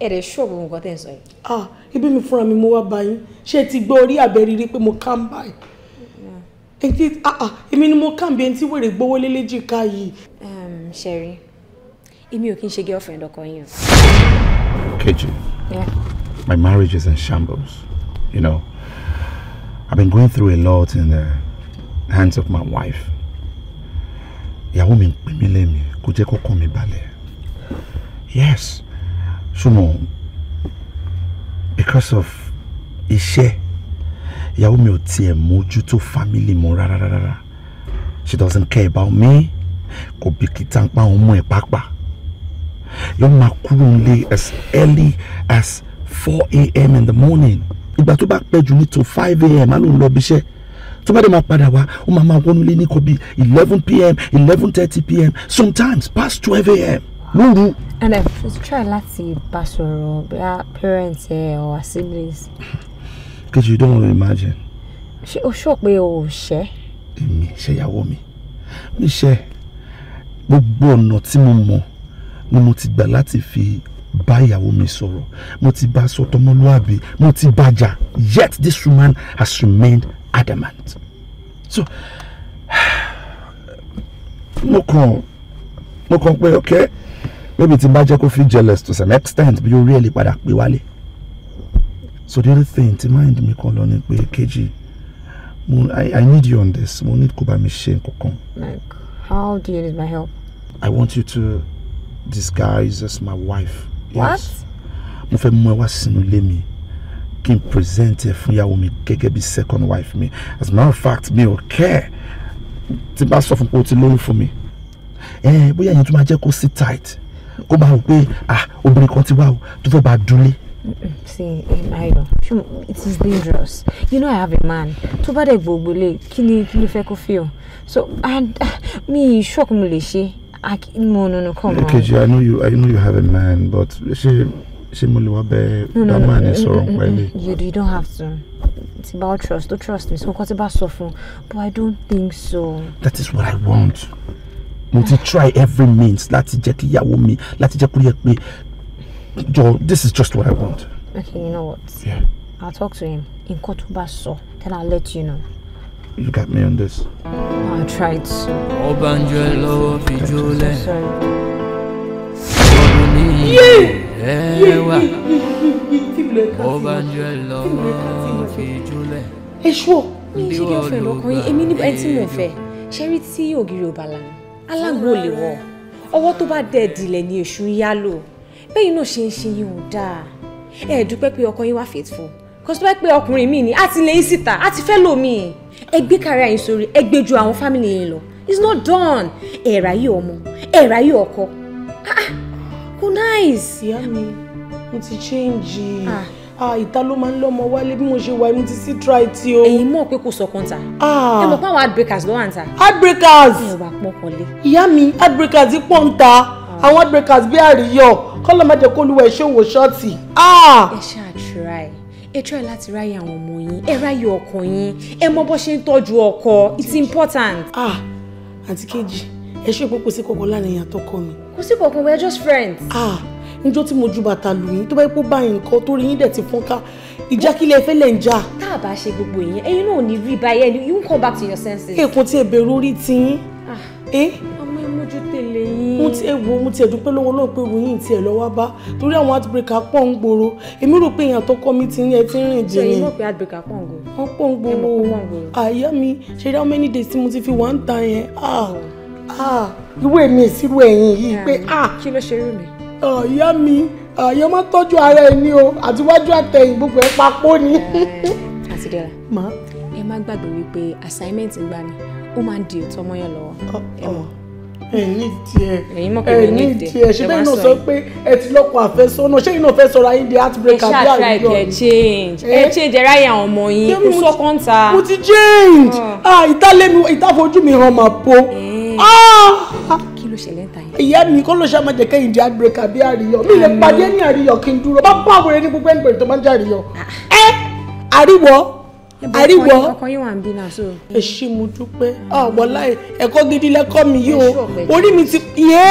ẹ rẹ ṣọ gbogbo nǹkan tẹ ẹ sọ yìí. ah ibi mi fúnra mi mo wá bá yín ṣé ẹ ti gbọ́ orí àbẹ̀rírí pé mo kàn báyìí mm. èmi ni mo kàn bí ẹni tí wèrè gbowó lélẹ́jì ká yìí. ṣẹ́rí èmi ò kí n girlfriend ọkọ yín o. Keji, yeah. my marriage is in shambles. You know, I've been going through a lot in the hands of my wife. Ìyàwó mi ń pè mí lẹ́mi kó jẹ́ kọ́kọ́ mi balẹ̀. Yes, ṣùgbọ́n because of iṣẹ́ ìyàwó mi ò tiẹ̀ mójútó family mọ́ rárá rárá she doesn't care about me kò bìkítà ń pa òun mọ́ ẹ̀ pàápàá yóò máa kúrò nílé as early as four a.m. in the morning ìgbà tó bá pẹ́ jù ní tó five a.m. á ló ń lọ bí iṣẹ́ tó bá dé máa padà wá ó máa máa wọnú lé ní bí eleven p.m. eleven thirty p.m. sometimes past twelve a.m. lóru. and if just try láti bá sọ̀rọ̀ bí parents ẹ or her siblings. kejì you don't want to imagine. ṣé o ṣọ́ pé o ṣẹ́. èmi ṣẹ́yàwó mi mi ṣe gbogbo ọ̀nà tí mo mọ̀ ni mo ti gbà láti fi bá ìyàwó mi sọ̀rọ̀ mo ti bá sọ mo ti bàjà yet this woman has remained adamant so mo kàn mo kàn pé okay maybe tí n bá jẹ́ kó feel jealous to some extent bí orí really, lè padà pé wálé so the only thing tí mind mi kàn lọ ni pé kejì mo I, I need you on this mo need kó bá mi ṣe nǹkan kan. like how do you need my help. I want you to disguise as my wife. Yes. What? Mo fẹ́ mú ẹ wá sínú ilé mi kí n present ẹ fún ìyàwó mi gẹ́gẹ́ bí second wife mi. As a matter of fact, mi ò care tí bá sọ fún pé o ti lóyún fún mi. Ẹ bóyá ìyẹn tó máa jẹ́ kó sit tight kó máa wò pé ah obìnrin kan ti wá o tó fẹ́ bá dúlé. See, I Ayo, it is dangerous. You know I have a man. Tó bá dẹ̀ gbogbo lè kí ni So, and ah, me ìṣọ́kùnrin lè ṣe. I, no, no, no, come Keji, on. I know you. I know you have a man, but she, she no, no, that man no, is no, so no, no, you, you don't have to. It's about trust. Don't trust me. So what about suffering? But I don't think so. That is what I want. Mo ti try every means láti jẹ́ kí ìyàwó mi láti jẹ́ kó yẹ pé Joe, this is just what I want. Okay, you know what? Yeah. I'll talk to him. In Kotuba then I'll let you know. You got me on this. I tried. to. You. ẹ ṣọ́ ní ṣe kí ọ̀fẹ́ lọkùnrin èmi ní ẹni tí mo fẹ́ ṣẹ́rí tí ògiri ò bàlá alágbó lè wọ̀ ọwọ́ tó bá dẹ̀ dilẹ̀ ní èṣù yálò bẹ́ẹ̀ náà ṣe ń ṣe yìí ò dáa ẹ dúpẹ́ pé ọkọ yín wà faithful kó tó bá pé ọkùnrin mi ni a ti lè síta a ti fẹ́ lòmíì ẹ gbé kárí àyìn sórí ẹ gbé ju àwọn fámìlì yẹn lọ it's not done ẹ ráyè ọmọ ẹ ráyè ọkọ ah, ah. kò nice. ìyá mi mo ti change ah. ìta ló máa ń lọ́mọ wálé bí mo ṣe wà mo ti sí try ti o. ẹ̀yin mọ̀ pé kò sọkàn ta ẹ mọ̀ pé àwọn heartbreakers ló wà ń ta. heartbreakers ẹ wà pọkàn lé. ìyá mi heartbreakers pọ̀ ń ta àwọn heartbreakers bí àríyọ̀ kọ́lọ́ má jẹ́ kó lu ẹ̀ ṣòwò ṣọ́ọ̀tì. ẹ ṣáà try ẹ try láti ráyè àwọn ọmọ yín ẹ ráyè ọkọ yín ẹ mọ bó ṣe ń tọ́jú ọkọ it's important. ah àǹtí kejì ẹ ṣe pé kò sí kankan láàrin ìyàn tọkọ mi. kò sí kankan we are just friends. ah níjọ́ tí mo ju bàtà lù yín tó bá yẹ kó bá yín nǹkan tó rí yín dẹ̀ ti fọ́nká ìjà kílẹ̀ ẹfẹ́ lẹ̀ ń jà. tá a bá ṣe gbogbo ìyẹn ẹ̀yin náà ò ní rí báyẹn you come back to your senses. kéèkùn tí ẹ bẹ̀rù orí yín. ah ẹ. Eh? ọmọ ẹ mójú tẹ̀lé yín mo ti ewu mo ti ẹ̀dùn pé lọ́wọ́ náà pé ròyìn tiẹ̀ lọ́wọ́ bá torí àwọn outbreaker pọ̀ ń gbòòrò èmi rò pé èèyàn tó kọ́ mi ti ní ẹ ti ń rìn jìnnì. ṣe ìmọ̀ pé outbreaker pọ̀ ń gbòòrò. wọ́n pọ̀ ń gbòòrò àyà mi ṣe dá many days tí mo ti fi wà ń ta yẹn ah, ah, irú èmi ìsirú ẹ̀yìn yìí pé ah. kí ló ṣe rú mi. ọ̀yá mi àyàn máa tọ́jú ara ẹ̀ ní o àtiwájú àtẹ̀yìn gbogbo ẹ̀ papọ̀ ni. Eh, ma ẹ má gbàgbé wípé assignment ń gbani ó máa ń di òtọ́ mọ́yàn lọ́wọ́ oh, ẹ mọ̀. Oh ẹ ní tiẹ̀ ẹ ní tiẹ̀ ṣé bẹ́ẹ̀ náà sọ pé ẹ ti lọ́kọ àfẹ́sọ́nà ṣé iná fẹ́ sọ̀rọ̀ ayé di heartbreaker bí àlùjọ ẹ ṣáà ṣáà ẹ change ẹ eh? change ẹ ráyè àwọn ọmọ yín kò sọ kọ́ńtà. mo ti change ah. Ah, ìtàlẹ́mi ìtàfojú mi hàn máa po eh. ah! kí ló ṣẹlẹ̀ ta yẹn. ìyá mi kọ́ ló ṣe máa jẹ kẹ́yìn di heartbreaker bí àríyọ mi lè pàdé ní àríyọ kí n dúró bá bá àwòrán ní gbogbo ẹgbẹ̀rún tó máa ń jẹ àríyọ. ẹ eh? àríwọ àríwọ èṣì mo dúpẹ́ ọ̀gbọ́n láì ẹ̀kọ́ gidi lẹ́kọ́ mi yìí o orí mi ti yé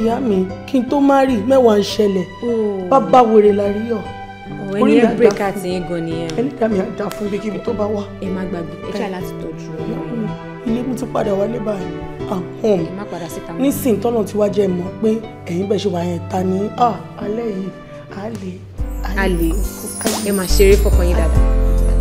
ìyá mi kí n tó má rí mẹ́wàá ń ṣẹlẹ̀ oh. bàbá wèrè la rí ọ oh, orí mi àdá fún ẹni dá mi àdá fún bí kíbi tó bá wà. ẹ má gbàgbé ẹ ṣáà láti tọ́jú ilé mi ti padà wálé báyìí ahun nísìnyí tọ́nà tí wàá jẹ́ mọ̀ pé ẹ̀yin bẹ́ẹ̀ ṣe wà yẹn ta ní ah, alẹ́ yìí a lè. ẹ máa ṣeré fọkàn yín dáadáa.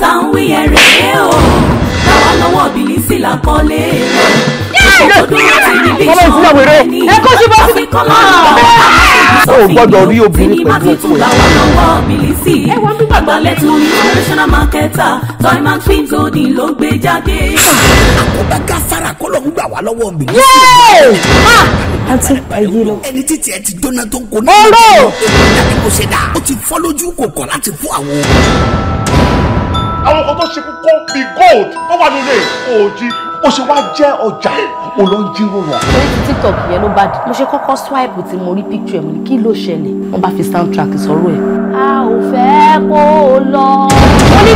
tá ń wí ẹ̀rẹ̀ o báwa lọ́wọ́ bìlísì là kọ́lé ẹ kó sí bọ́sì. o gbọ́dọ̀ rí obìnrin pẹ̀lú òkú ẹ̀. àgbàlẹ̀ tún ní international marketer toyman films odin ló gbé jáde. àkóbá gáfárà kọ́ ló ń gbà wá lọ́wọ́ mi. àti ayé lọ. ẹni títí ẹ ti jóná tó ń kó ní. ọ̀rọ̀. ó àwọn kan tó ṣe kókó bíi gold tó wà nílé òòjì ó ṣe wá jẹ́ ọjà ó lọ ń jíròrò. lórí ti tiktok yẹn ló bá dì mo ṣe kọ́kọ́ swipe tí mo rí picture ẹ̀ mo ní kí ló ṣẹlẹ̀ wọ́n bá fi soundtrack sọ̀rọ̀ ẹ̀. a ò fẹ́ kó o lọ. ó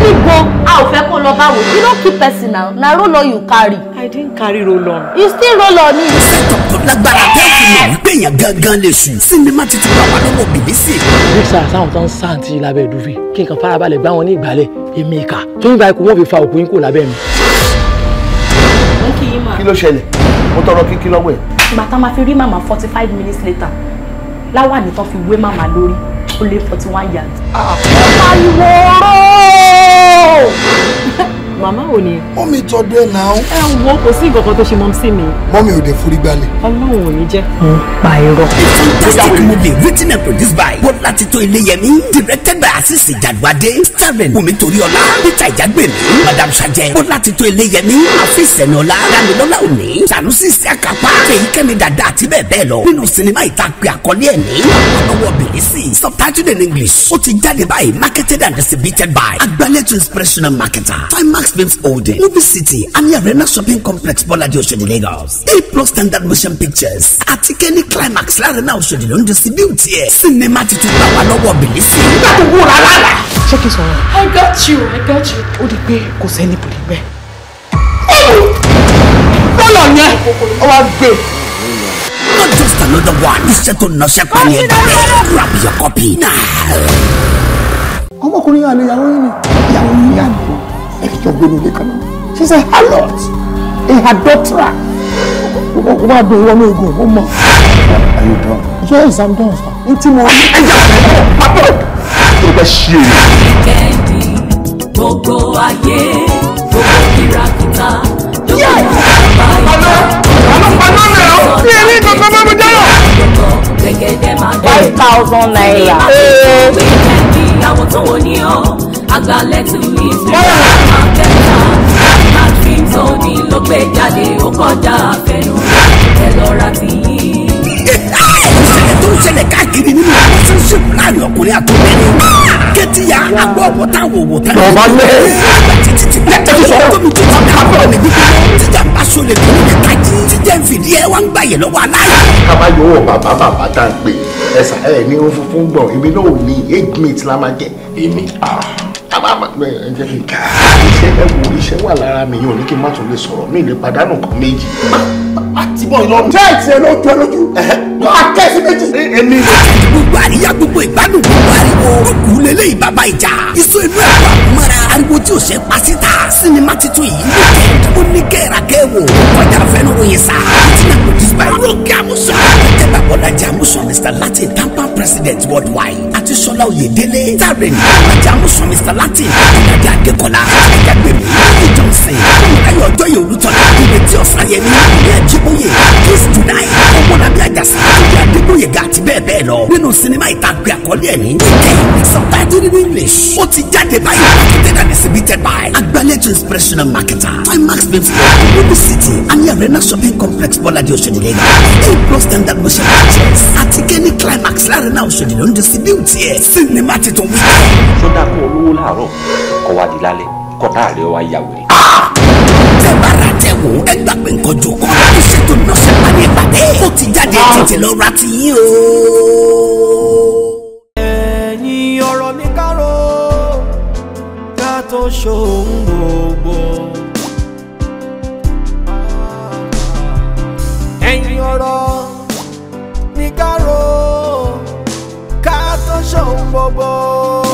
on báwo you no keep person now na roll on you carry. i didn't carry roll on. you still roll on me. ṣètò tó lágbára tẹ́ẹ̀kì mọ̀ wípé èèyàn gangan lè sùn sinimá ti tura wà lọ́wọ́ bìbísì. nígbà sáwọn tó ń sáǹtì lábẹ́ ìdúfẹ́ kí nǹkan farabalẹ̀ gbá wọn ní ìgbálẹ̀ èmi ìkà tó ń gba ikú wọn fi fa òkú yín kò lábẹ́ mi. kí ló ṣẹlẹ̀ mo tọrọ kíkí lọ́wọ́ ẹ̀. ìgbà tá a máa fi rí màmá forty five minutes later láwà ní tán fi wé màmá lórí ó lé forty one yards. Ah. ó pariwo rọ́ọ̀ màmá ò ní. mọ́mì tọdún ẹ̀ náà. ẹ wo kò sí nǹkan tó ṣe mọ́mísí mi. mọ́mì ò dé forí gbalẹ̀. ọlọ́run ò ní jẹ́. mo pa irọ́. fantastic movie written and produced by Bọ́látitó Iléyẹmí directed by Asisi Jadwade starring Wumi Toriola Peter Ijagbemi Madam Sajẹ Bọ́látitó Iléyẹmí Afis Sẹniola Damilola Oni Sanusi Siakapa Fẹ́yìkẹ́mi Dada àti bẹ́ẹ̀ bẹ́ẹ̀ lọ nínú sinimá ìtàkùn àkọlé ẹ̀ ní àwọn bìrìsì subtitled in English ó ti jáde báyìí marketed and distributed by Agbálẹ́tù inspirational marketer Timax films holding movie city ami arena shopping complex bọ́ládé Oshodi lagos a plus standard motion pictures àti any climax lárẹ́nà Oshodi. ló ń distribute ẹ̀ sinimá ti tún gbà wá lọ́wọ́ bìlísì. nígbà tó i got you i got you. ó go pé kò sẹ́ni bòlí bẹ́ẹ̀. bọ́lọ̀ yẹn ó not just another one. iṣẹ́ tó nọṣẹ́ pẹ̀lú ẹgbẹ́ rẹ̀ grab your copy now. ọmọkùnrin yà ni ìyàwó yín ni ìyàwó ẹ̀kí jọ gbé nílé kan náà she's a harlot a adulterer wọ́n máa dùn wọnú egun ó mọ̀. are you done. yes i'm done sir. n tí mo rí. ẹ yà á pápá tó bá ṣí èyí. kẹ́ndì gbogbo ayé gbogbo kìràkìtà lókè àbáyé. àlọ́pàá náà rẹ̀ ó fi èmi kankan mọ́ mi dáná. five thousand naira. àwọn tó wọ àgbàlẹ́tù ìfẹ́ máa bẹ́ta àti tóní ló gbé jáde ó kọjá àfẹnù ẹ lọ́ra ti yí. ìṣẹ̀lẹ̀ tó ń ṣẹlẹ̀ káàkiri nínú relationship láàrin ọkùnrin àtọ́bẹ̀rẹ̀ kẹ́tìyà àgbọ̀ ọ̀wọ̀ta wòwòta. bàbá lẹ́yìn tóbi tó ti ká bọ̀ ní gbígbóná tíjà ń bá sọlẹ̀ tó ní ká jí tíjà ń fìdí ẹ wá ń gbà yẹ lọ́wọ́ aláyà. kábà yòówó bàbá bàbá tá à ń pè ẹ̀sà ẹ̀ ní fúnfún gbọ̀n èmi náà ò ní eight minutes la máa jẹ èmi tábà ẹ jẹ́ kí n ká iṣẹ́ ẹ wò iṣẹ́ wà lára mi yìí ò ní kí n má tún lè sọ̀rọ̀ mi ì lè pàdánù kan méjì sí bọ́ọ̀ lọ́rùn. chẹ́ẹ̀tì ló jọ lójú máa kẹ́ sí méjì. èmi rẹ̀. gbogbo àríyá gbogbo ìgbádùn gbogbo ariwo kókù lélẹ́ ìbàbà ìjà iṣu inú ẹ̀ wà mọ́ra ariwo tí ò ṣe pa síta sinimá titun yìí ló jẹ́ ó ní kẹ́ra kẹ́wò kọjá fẹ́nu oyin sá ìtìlẹ̀ kò dùn bá rọ́ọ̀kì àmúṣọ. ìjẹba bọ́lájà àmúṣọ Mr Latin tampa president worldwide àti sọlá oyèdélé tààrẹ ní bọ́lájà àmúṣọ Mr Latin ìdájọ́ àdékọ́lá ẹ̀ẹ́dẹ́gbẹ̀mí ìjọsìn ìdájọ́ ọjọ́ yòólùtọ́lá ìrètí ọ̀sán yẹn ní ìyẹn jíbóyè kiss tonight ọmọlábí àjàsà tóbi adégbòyèga àti bẹ́ẹ̀ bẹ́ẹ̀ lọ nínú sinimá ìtàgbé àkọlé ẹ̀ ní jíjẹ́ ìsọ̀tàjì nínú english ó ti jáde báyìí marketed and submitted by agbálẹ́jọ inspirational marketer timax films for olú city ani arena shopping complex bọ́ládé òṣèlélẹ́ yìí a plus standard motion pictures àti kẹ́ni climax lárẹ́nà òṣèlélẹ́ ló ń distribute ẹ̀ sinimá titun wíjẹ́. sọ́dà kún olówó láàárọ̀ kọ́ wá di lálẹ́ kọ́ táàrẹ̀ wá yàwé. Ah! tẹ́ wò ó ẹ gbà pé nǹkan jókòó láti ṣètò nọ́ọ̀sẹ̀ pàdé ìpàdé ó ti jáde tètè lọ ra ti yín o. ẹ̀yin ọ̀rọ̀ ní káró ká tó ṣòun gbogbo. ẹ̀yin ọ̀rọ̀ ní káró ká tó ṣòun gbogbo.